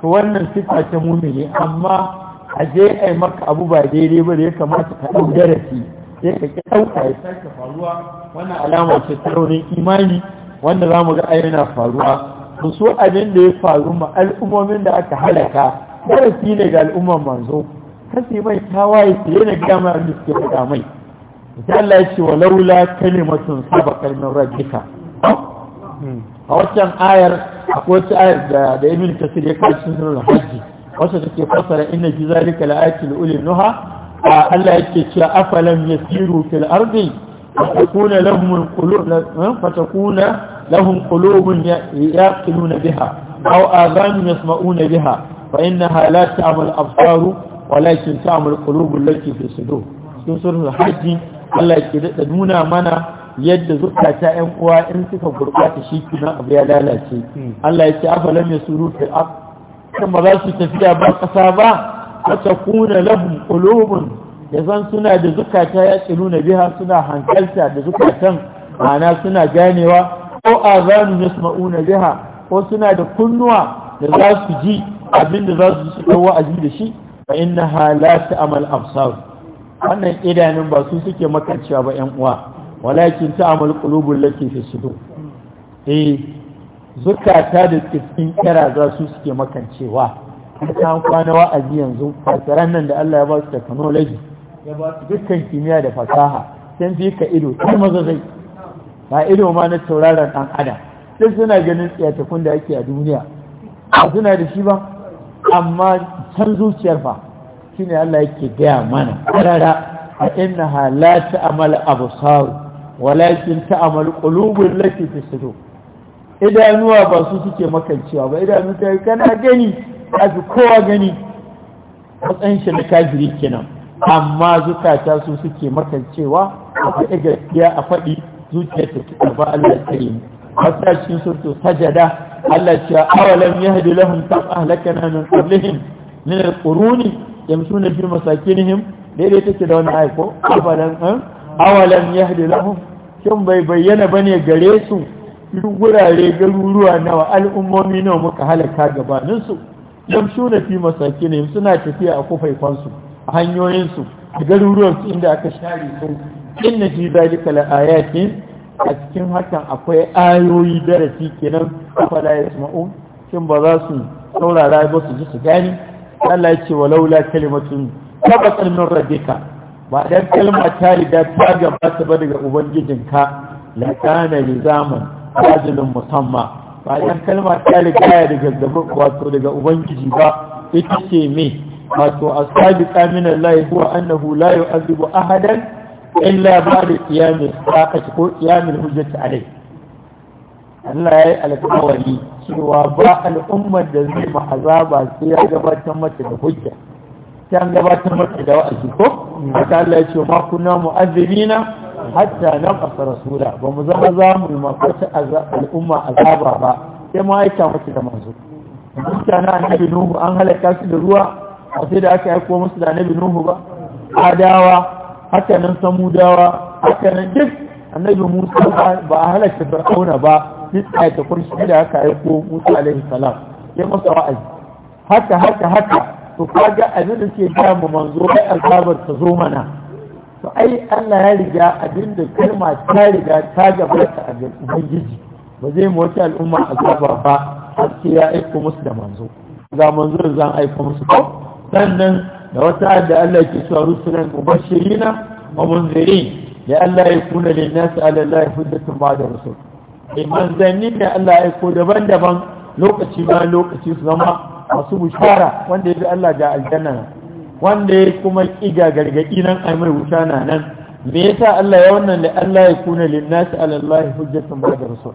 [SPEAKER 1] to wannan sifa ta mumini amma a je a yi maka abu ba daidai ba da ya kamata ka ɗau darasi sai ka ƙi ɗauka ya sake faruwa wannan alama ce ta raunin imani wanda za mu ga a yana faruwa to so abin da ya faru ma al'ummomin da aka halaka darasi ne ga al'umman manzo kasi mai tawaye su yana gida mai abin da suke faɗa mai Allah ya ce wa laula kalimatun sabakar min rabbika hmm. a waccan ayar akwai wacce ayar da da ibn kasir ya kawo cikin sunan hajji wacce take fassara inna fi zalika la'ayatul ulil nuha Allah yake cewa afalam yasiru fil ardi فتكون لهم القلوب فتكون لهم قلوب يعقلون بها أو آذان يسمعون بها فإنها لا تعمى الأبصار ولكن تعمى القلوب التي في الصدور سورة الحج da nuna mana. yadda zukata 'yan uwa in suka gurɓata shi kuma abu ya lalace Allah ya ce afalam yasuru fil ard kan ba za su tafiya ba kasa ba ta takuna lahum qulubun yazan suna da zukata ya na biha suna hankalta da zukatan ma'ana suna ganewa ko azanu yasma'una biha ko suna da kunnuwa da za su ji abin da za su ji wa'azi da shi fa innaha la ta'mal absar wannan idanun ba su suke makancewa ba 'yan uwa walakin ta'amul qulubul lati fi sudur eh zukata da cikin kira za su suke makancewa in ka kwana wa'azi yanzu fasaran nan da Allah ya ba su technology
[SPEAKER 3] ya ba su dukkan
[SPEAKER 1] kimiyya da fasaha sun fi ka ido kai maza zai ba ido ma na tauraron dan adam duk suna ganin tsiyatakun da ake a duniya suna da shi ba amma can zuciyar ba shine Allah yake gaya mana karara a inna la ta'mal absar walakin ta'amal qulubul lati fi sudur idanuwa ba su suke makancewa ba idanu ta kana gani azu kowa gani matsayin shi na kafiri kenan amma zukata su suke makancewa a faɗi gaskiya a faɗi zuciya ta ki ba Allah kare mu masashin surtu sajada Allah ce awalam yahdi lahum kam ahlakana min qablihim min alquruni yamshuna fi masakinihim daidai take da wani ayako abadan an eh? awalan yahdi lahum shin bai bayyana bane gare su duk wurare garuruwa nawa al'ummomi nawa muka halaka gabanin su yamshuna fi ne suna tafiya a kufaifan su a hanyoyin su a garuruwan su inda aka share su inna fi zalika la ayatin a cikin hakan akwai ayoyi darasi kenan ya yasma'un shin ba za su saurara ba su ji su gani Allah ya ce walaula kalimatun tabbatar min rabbika ba ɗan kalma ta riga ta gabata ba daga ubangijinka la kana li zaman rajulun musamma ba ɗan kalma ta riga daga gaba wato daga ubangiji ba ita ce me wato asabiqa min Allah huwa annahu la yu'adhibu ahadan illa ba'da qiyamil sa'ati ko qiyamil hujjati Allah ya yi alƙawari cewa ba al'ummar da zai ma'azaba sai ya gabatar mata da hujja ta an gabatar masa da wa'azi ko haka Allah ya ce ma kunna mu'azzibina hatta nan rasula ba mu zama za mu yi makwata al'umma azaba ba sai ma aika maka da manzo mutane annabi nuhu an halaka su da ruwa a sai da aka aiko musu da annabi nuhu ba adawa haka nan samudawa haka nan duk annabi musa ba a halaka fir'auna ba duk a ta kurshi da aka aiko musa alaihi salam sai masa wa'azi haka haka haka to kaga abin da ke ga mu manzo ai azabar ta zo mana to ai Allah ya riga abin da kalma ta riga ta gabata a ga ubangiji ba zai mu wata al'umma azaba ba har sai ya aiko musu da manzo ga manzo zan aiko musu ko sannan da wata da Allah ke cewa rusulan mubashirina wa munzirin da Allah ya kuna lin nas ala Allah tun ba da rusul iman zanni da Allah ya aiko daban-daban lokaci ba lokaci su zama masu bishara wanda ya bi Allah ga aljanna wanda ya kuma kiga gargadi nan ai mai wuta na nan me yasa Allah ya wannan da Allah ya kuna linnasi ala Allah hujjatun ba da rasul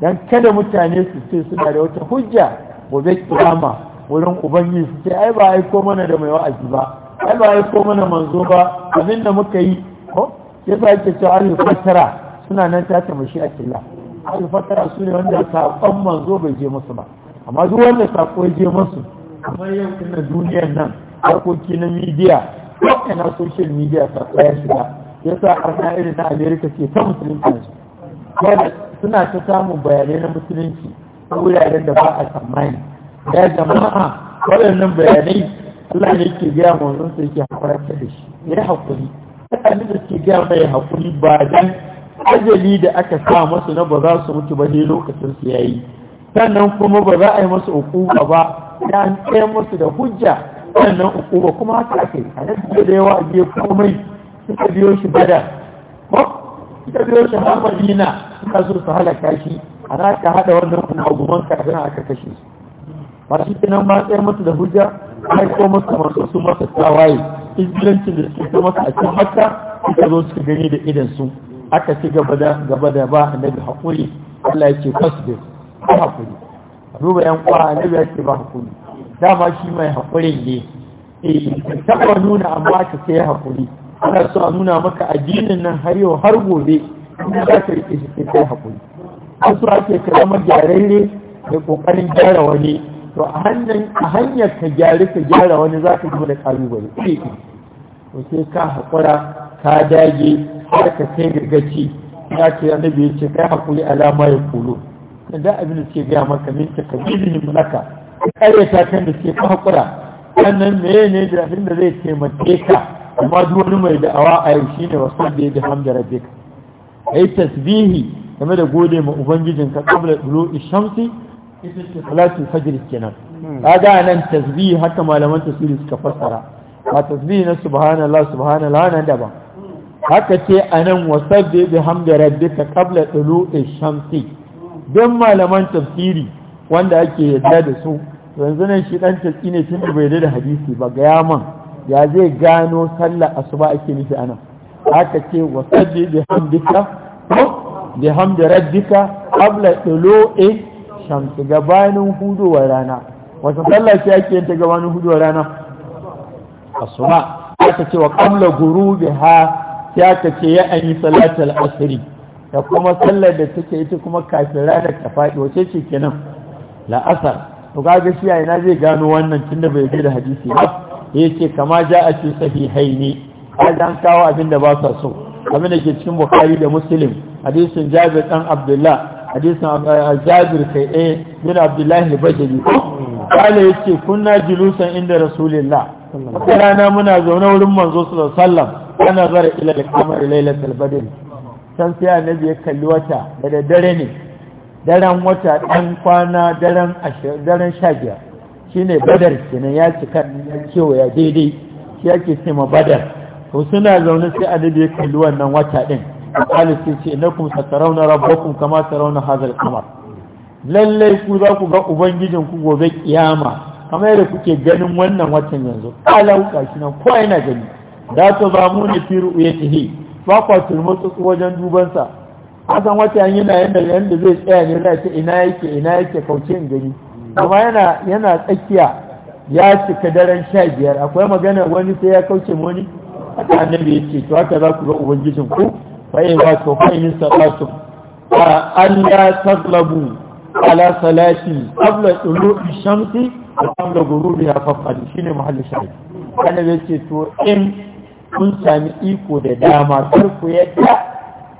[SPEAKER 1] dan kada mutane su ce suna da wata hujja gobe kiyama wurin ubangiji su ce ai ba aiko mana da mai wa'azi ba ai ba aiko mana manzo ba abin da muka yi ko yasa ake cewa al-fatara suna nan ta tamashi killa, al-fatara su ne wanda saƙon manzo bai je musu ba amma duk wanda sako je musu kamar yau duniyar nan harkoki na midiya ko na social media sako ya shiga yasa arna irin na america ke ta musulunci wanda suna ta samun bayanai na musulunci a wuraren da ba a tsammani ya jama'a waɗannan bayanai Allah ne ke gaya wanzan sai ke hakurarsa da shi ya haƙuri? ta da ke gaya mai haƙuri ba dan ajali da aka sa masu na ba za su mutu ba ne lokacin su yi. sannan kuma ba za a yi masu ukuba ba da an tsaye masu da hujja sannan ukuba kuma haka ake a nan da yawa a biyo komai suka biyo shi bada suka biyo shi har madina suka so su halaka shi a za ka haɗa wannan kuma guman kafin aka kashe su ba shi nan ba tsaye masu da hujja har ko masu masu su masu tawaye izgilancin da suke masa a cikin makka suka zo suka gani da idan su aka ci gaba da gaba da ba annabi haƙuri Allah ya ce fasbir ba hakuri duba yan kwa na biya ce ba hakuri dama shi mai hakuri ne eh taba nuna amma ka sai hakuri ana so a nuna maka addinin nan har yau har gobe kuma za ka rike shi sai kai hakuri an so ake ka zama gyararre da kokarin gyara wani to a hannun a hanyar ka gyare, ka gyara wani za ka zo da kalubale eh to sai ka hakura ka dage har ka kai gaci ya ce annabi ya ce kai hakuri alama ya kulo da abin da suke gaya maka min ta kabilin mulaka ƙaryata kan da suke kakura sannan meye ne da abin da zai taimake ka amma duk wani mai da'awa a yau shine wasu da ya ji hamda rabbika ayi tasbihi game da gode ma ubangijin ka qabla dulu'i shamsi ita ce salatul fajr kenan hmm. kaga nan tasbihi haka malaman tasiri suka fassara ba tasbihi na subhanallah subhanallah nan daban hmm. haka ce anan wasabbi bihamdi rabbika qabla dulu'i shamsi don malaman tafsiri wanda ake yadda da su yanzu nan shi dan tafsiri ne tun bai da hadisi ba ga yaman ya zai gano sallar asuba ake nufi anan aka ce wa salli bi hamdika bi hamdi rabbika qabla tulu'i shams gabanin wa rana wata sallah ce ake yin ta gabanin wa rana asuba aka ce wa qabla ghurubiha sai aka ce ya ayi salatul asri da kuma sallar da take ita kuma kafin ranar ta faɗi wace ce kenan la'asar to kaga shi a ina zai gano wannan tunda bai bi da hadisi ba ya ce kama ja a ce sahihai ne kaga an kawo abin da ba sa so abin da ke cikin bukhari da muslim hadisin jabir dan abdullah hadisin eh, jabir kai eh bin abdullahi bajali kala yace kunna julusan inda rasulillah wata rana muna zaune wurin manzo sallallahu alaihi wasallam ana zara ila al-qamar lailatul badr can sai annabi ya kalli wata da daddare ne daren wata ɗan kwana daren sha biyar shi ne badar kenan ya cika cewa ya daidai shi ake ce ma badar to suna zaune sai annabi ya kalli wannan wata ɗin alif sai ce na kuma satarauna rabbakum kama sarauna hazal kamar lallai ku za ku ga ubangijin ku gobe kiyama kamar yadda kuke ganin wannan watan yanzu kalau gashi nan ko yana gani za ta zamuni ta ru'yatihi ba kwa su wajen dubansa a san wata yana yadda yadda zai tsaya ne zai ce ina yake ina yake kauce in gani amma yana yana tsakiya ya cika daren sha biyar akwai magana wani sai ya kauce wani haka annabi ya ce to haka za ku ga ubangijin ku fa'in ba to fa'in sabatu an ya taglabu ala salati qabla tulu'i shamsi wa qabla ghurubiha shi shine mahallin shahid annabi ya ce to in kun sami iko da dama kar ku yadda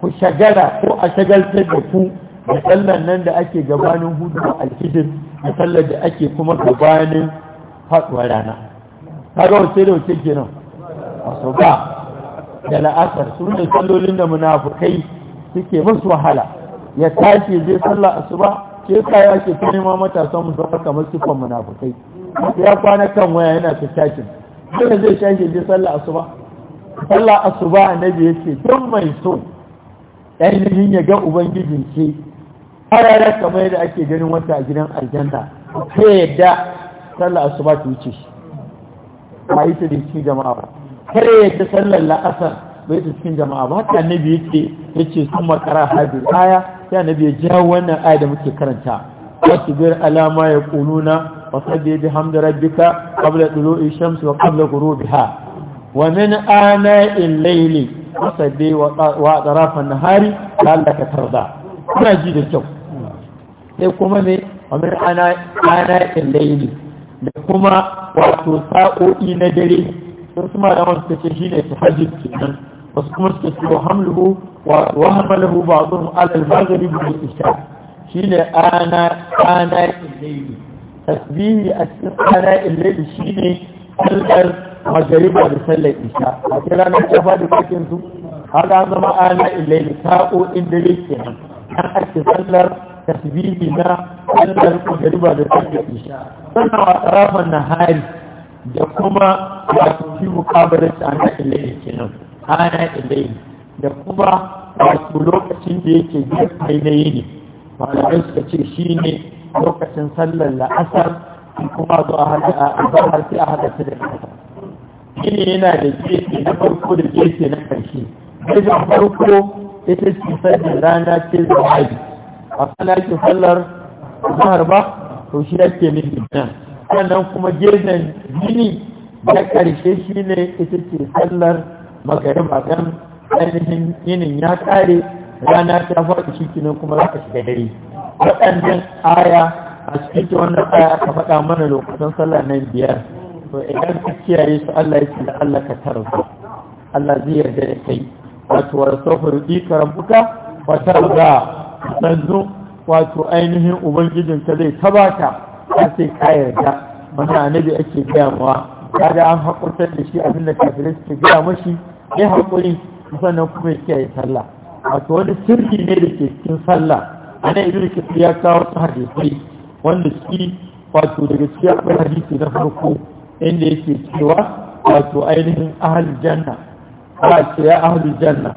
[SPEAKER 1] ku shagala ko a shagaltar da ku da sallar nan da ake gabanin hudu a alfijir da sallar da ake kuma gabanin faɗuwar rana ga wace da wace kenan su ba da la'asar su ne sallolin da munafukai suke musu wahala ya tashi zai sallah asuba ke ka ya ke ta nema matasan haka kamar kwan munafukai ya kwana kan waya yana ta tashin dole zai tashi zai sallah asuba Allah asuba annabi yace don mai so ainihin ya ga ubangijin ce harara kamar yadda ake ganin wata a gidan aljanna ta yadda sallar asuba ta wuce shi ba yi ta da cikin jama'a ba kare yadda sallar la'asar bai ta cikin jama'a ba haka annabi yace ce sun makara hadir aya sai annabi ya jawo wannan aya da muke karanta Wasu biyar alama ya yaquluna wa sabbi bihamdi rabbika kabla tulu'i shamsu wa qabla ghurubiha wa min ana'il layli wasabe wa tarafan nahari lallaka tarda kuna ji da kyau sai kuma ne wa min ana'il layli da kuma wato sa'o'i na dare sun kuma da wasu kace shine tahajjud kenan wasu kuma suka ce wa hamluhu wa wa hamalahu ba'dhum ana ana a cikin ana shine kallar magariba da sallar isha a ce ranar ta faɗi cikin su haka an zama ana ilaili inda dare kenan an ake sallar tasbihi na sallar magariba da sallar isha sannan a tsarafan hari da kuma wato fi mukabarar ta ana ilaili kenan ana ilaili da kuma wato lokacin da yake a na yini malamai suka ce shi ne lokacin sallar la'asar kuma zuwa hada a zahar sai a hada da kasa shine yana da gefe na farko da gefe na ƙarshe gefen farko ita ce sannan rana ce zawadi a kana ke sallar zahar ba to shi ake nufi nan sannan kuma gefen gini na ƙarshe shine ita ce sallar magariba kan ainihin yinin ya kare rana ta faɗi shi kuma za ka shiga dare waɗannan aya a cikin wannan aya aka faɗa mana lokacin sallah nan biyar to idan ka kiyaye su Allah yake da Allah ka tarza Allah zai yarda da kai wato wa sawfa yudika rabbuka wa tarza sanzu wato ainihin ubangijin ka zai tabata ka sai ka yarda mana annabi ake gaya mawa kaga an hakurta da shi abin da kafirai suke gaya mashi ya hakuri sannan kuma ya kiyaye sallah wato wani sirri ne da ke cikin sallah ana idan kasir ya kawo ta hadisi wanda shi wato daga cikin abin hadisi na farko inda yake cewa wato ainihin ahalul janna ba ce ya ahalul janna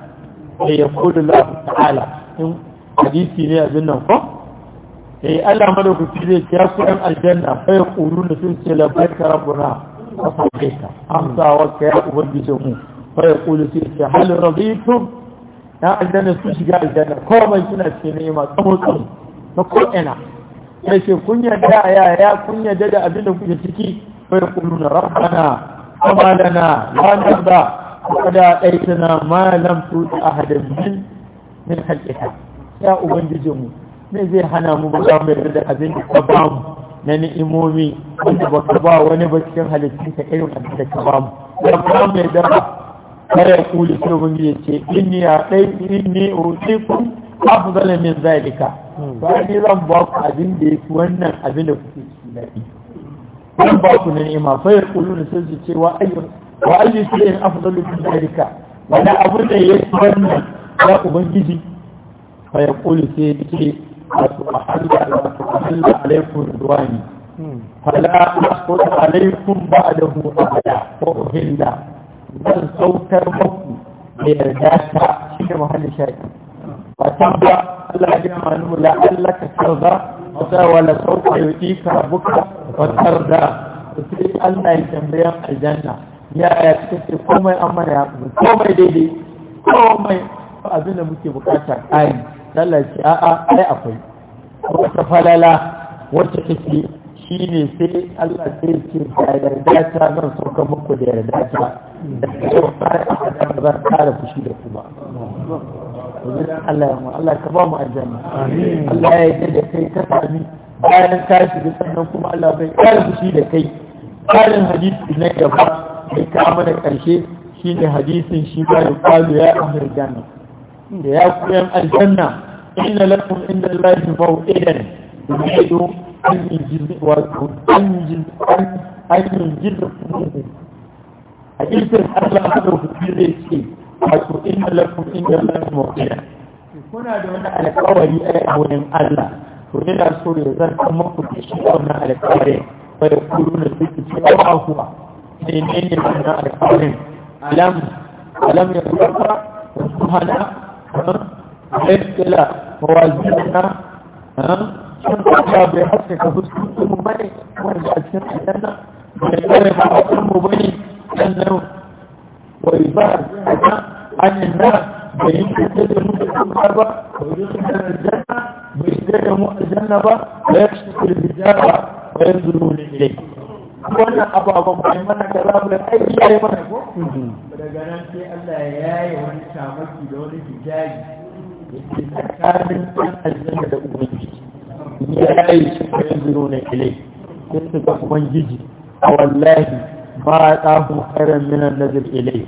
[SPEAKER 1] da ya kudu lafi ta'ala in hadisi ne abin nan ko eh Allah madaukaki zai ce ya ku ɗan aljanna fa ya kuru na sun ce labbaika rabbuna wa sadaika amsa wa ka ya ubangiji mu fa ya kulu sai ce hal raditum na aljanna sun shiga aljanna komai suna ce ne ma tsawo tsawo ta ko ina sai ce kun yadda yaya kun yadda da abin da kuke ciki bai kuluna rabbana
[SPEAKER 2] kama lana la
[SPEAKER 1] narda kada aitana ma lam tuti ahadin min min haqiqa ya ubangijinmu me zai hana mu ba za mu yarda da abin da ka ba mu na ni'imomi wanda ba ka ba wani ba cikin halittun ka irin abin da ka ba mu da ba mu yarda ba kare kuli sai ubangiji ya ce inni ya dai inni utikum afdal min zalika ba hmm. ni zan ba ku abin da fi wannan abin da kuke ci daɗi zan ba ku ni'ima fa yaquluna sai su ce wa ayyu wa ayyu shay'in afdal min zalika wani abu da fi wannan ya ubangiji fa yaqulu sai yake wato ahalla wa tahalla alaikum duwani hmm. fala asqut alaikum ba'dahu abada ko uhilla zan saukar muku da yarda ta shi da mahallin shaƙi tabba Allah ya gina mani mu la'allaka tarda wata wala sauka ya yi karabuka wa tarda sai Allah ya tambaya aljanna ya ya cikin ce komai an mana ya kuma komai daidai komai abin da muke bukata ai Allah ya ce a'a ai akwai ta falala wacce take shi ne sai Allah ya ce ya yarda ta zan sauka muku da yarda ta da kai ba za ta kara fushi da kuma Allah ya mu Allah ka ba mu aljanna Allah ya yarda da kai ta sami bayan ka shiga sannan kuma Allah bai ƙara fushi da kai ƙarin hadisi na gaba da ka mana ƙarshe shine hadisin shi ba da kwalo ya amir janna da ya kuyan aljanna inna lakum inda Allah mau'idan yu'idu an yujizu wa an yujizu an yujizu a ilfin Allah haka hukumi zai ce wato inna lakum inda Allah mu'mina
[SPEAKER 2] kuna da wani alƙawari
[SPEAKER 1] a wurin Allah to yana so ya zarta muku da shi wannan alƙawarin fa ya kuru na suke ce ba huwa ne ne ne wannan alƙawarin alam alam ya kuka subhana ayyukala
[SPEAKER 2] mawazina shin kwata bai ka fuskokin mu bane wanda a cikin aljanna bai kare ba a kan mu bane sannan ويبعد عن الناس بين تدم
[SPEAKER 1] ويدخل الجنة بيتدم الجنة ويكشف الحجاب وينظرون إليه wannan ababen bai mana da za mu da kai ya yi mana ko daga nan sai Allah ya yi wani shamaki da wani hijabi da ke tsakanin ɗan aljanna da ubangiji ya yi sai wallahi ba a ɗahu ƙarar minan nazir ilai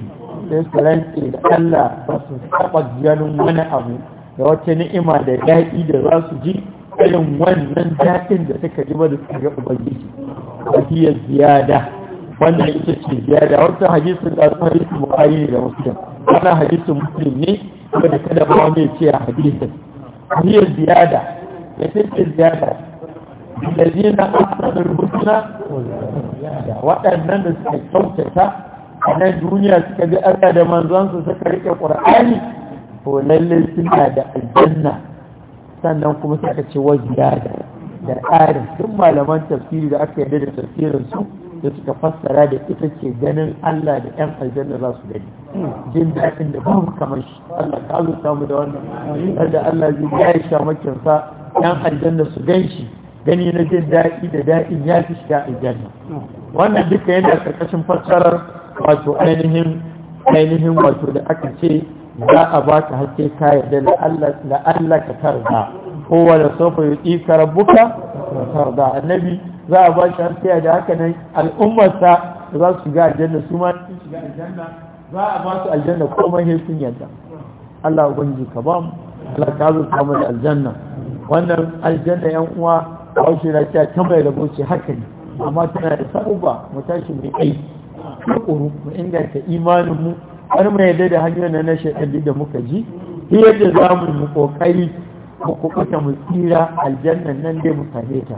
[SPEAKER 1] sai su rantse da Allah ba su taɓa ganin wani abu da wata ni'ima da daɗi da za su ji irin wannan daɗin da suka ji ba da suka ga ubangiji wajiyar ziyada wannan ita ce ziyada wata hadisin da su hadisin bukari ne da muslim wannan hadisin muslim ne wanda kada ba wani ya ce a hadisin wajiyar ziyada ya ce ziyada الذين أحسنوا الحسنى waɗannan da suka kyautata a nan duniya suka bi Allah da manzansu suka rike ƙur'ani to lallai suna da aljanna sannan kuma suka ci wajiya da ƙarin duk malaman tafsiri da aka yarda da tafsirin su da suka fassara da ita ce ganin Allah da ‘yan aljanna za su gani jin daɗin da babu kamar shi Allah ka azurta mu da wannan da Allah ya sha makinsa ‘yan aljanna su gan shi gani na jin daɗi da daɗin ya fi shiga aljanna wannan duka yana karkashin fassarar wato ainihin ainihin wato da aka ce za a baka hakke ka yarda da Allah ka tarda kowa da sofa ya ƙi ka tarda annabi za a ba shi hakke da haka nan al'ummarsa za su shiga aljanna su ma sun shiga aljanna
[SPEAKER 2] za a ba su aljanna
[SPEAKER 1] komai sai sun yarda Allah ubangiji ka ba mu Allah ka zo mu da aljanna wannan aljanna yan uwa haushe na ta tambaya da goce haka ne amma tana da sabuba mu tashi mai aiki ƙuru mu inganta imanin mu har mu yarda da hanyar na na da muka ji yadda za mu yi ƙoƙari mu kuɓuta mu tsira aljannan nan dai mu same ta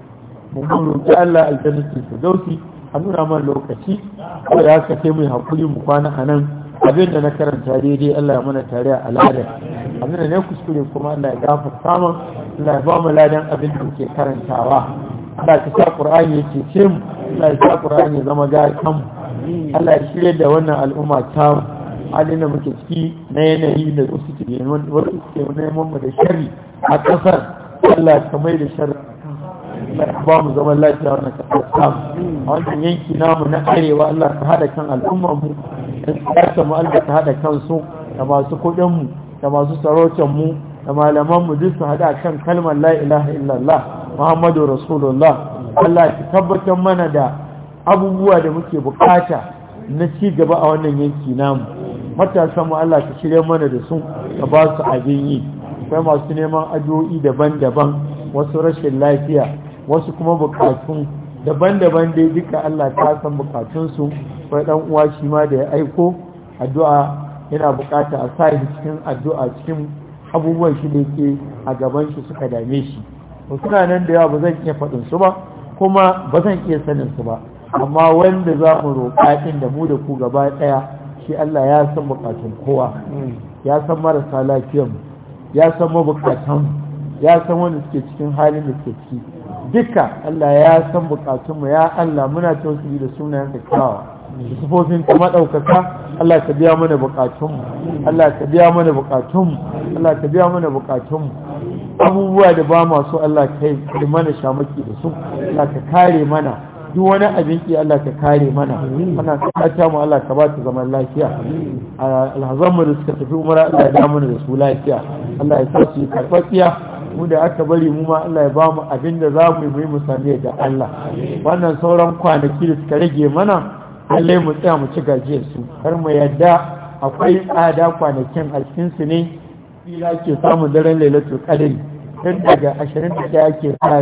[SPEAKER 1] mu mun roƙi Allah aljannatin su zauki a nuna man lokaci ko da haka sai mu hakuri mu kwana a nan abin da na karanta daidai Allah ya mana tare a al'adar abin da ne kuskure kuma Allah ya gafarta mana Allah ya ba mu ladan abin da muke karantawa Allah ya sa Qur'ani ya cece mu Allah ya sa Qur'ani ya zama ga kan Allah ya shirye da wannan al'umma ta mu halin da muke ciki na yanayi da wasu ke neman wasu ke neman mu da shari a kasar Allah ka mai da shari Allah ya ba mu zaman lafiya wannan kasar ta a wannan yanki namu na arewa Allah ka hada kan al'umma mu da siyasa mu Allah ka hada kan su da masu kuɗin mu da masu sarautar mu da malaman mu duk su hada kan kalmar La'ilaha illallah muhammadu rasulullah Allah ki tabbatar mana da abubuwa da muke bukata na ci gaba a wannan yanki namu matasan mu Allah ki shirya mana da su ka ba su abin yi akwai masu neman addu'o'i daban-daban wasu rashin lafiya wasu kuma bukatun daban-daban dai duka Allah ta san bukatunsu akwai dan uwa shi ma da ya aiko addu'a yana bukata a sa cikin addu'a cikin abubuwan shi da yake a gaban shi suka dame shi suna nan da yawa ba zan iya faɗin su ba kuma ba zan iya sanin su ba amma wanda za mu roƙa ɗin da mu da ku gaba ɗaya shi Allah ya san buƙatun kowa ya san marasa lafiyan ya san mabukatan ya san wanda suke cikin halin da suke ciki duka Allah ya san bukatunmu ya Allah muna tausiri da sunayen kyakkyawa sufofin ka maɗaukaka Allah ka biya mana bukatunmu Allah ka biya mana bukatunmu Allah ka biya mana bukatunmu abubuwa da ba masu Allah ta yi mana shamaki da su Allah ka kare mana duk wani abinci Allah ka kare mana ana kata mu Allah ka ba ta zaman lafiya alhazan mu da suka tafi umara Allah ya mana da su lafiya Allah ya sa su karfafiya mu da aka bari mu ma Allah ya ba mu abin da za mu yi mu sami da Allah wannan sauran kwanaki da suka rage mana lalle mu tsaya mu ci gajiyar su har mu yadda akwai tsada kwanakin a cikinsu ne fila ke samun daren lailatul qadr tun daga 21 ke fara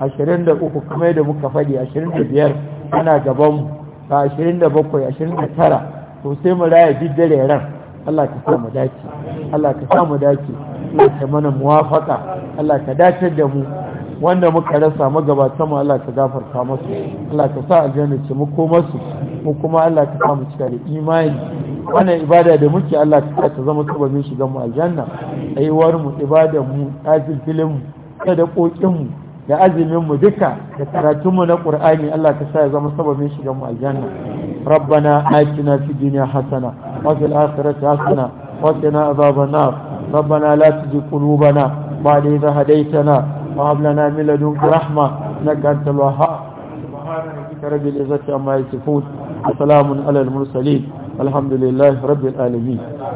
[SPEAKER 1] 23 kuma yadda muka faɗi 25 ana gaban mu ba 27 29 to sai mu raya diddare ran Allah ka sa mu dace Allah ka sa mu dace Allah ka mana muwafaka Allah ka dace da mu wanda muka rasa magabatan mu Allah ka gafarta musu Allah ka sa aljanna ce mu ko masu, mu kuma Allah ka sa mu cika da imani wannan ibada da muke Allah ka sa ta zama sababin shigan mu aljanna aiwar mu ibadan mu kafin filin mu da kokin mu da azumin mu duka da karatun mu na Qur'ani Allah ka sa ya zama sababin shigan mu aljanna ربنا آتنا في الدنيا حسنة وفي الآخرة حسنة وقنا عذاب النار ربنا لا تزغ قلوبنا بعد إذا هديتنا وهب لنا من لدنك رحمة إنك أنت الوهاب سبحان ربك رب العزة عما يصفون وسلام على المرسلين الحمد لله رب العالمين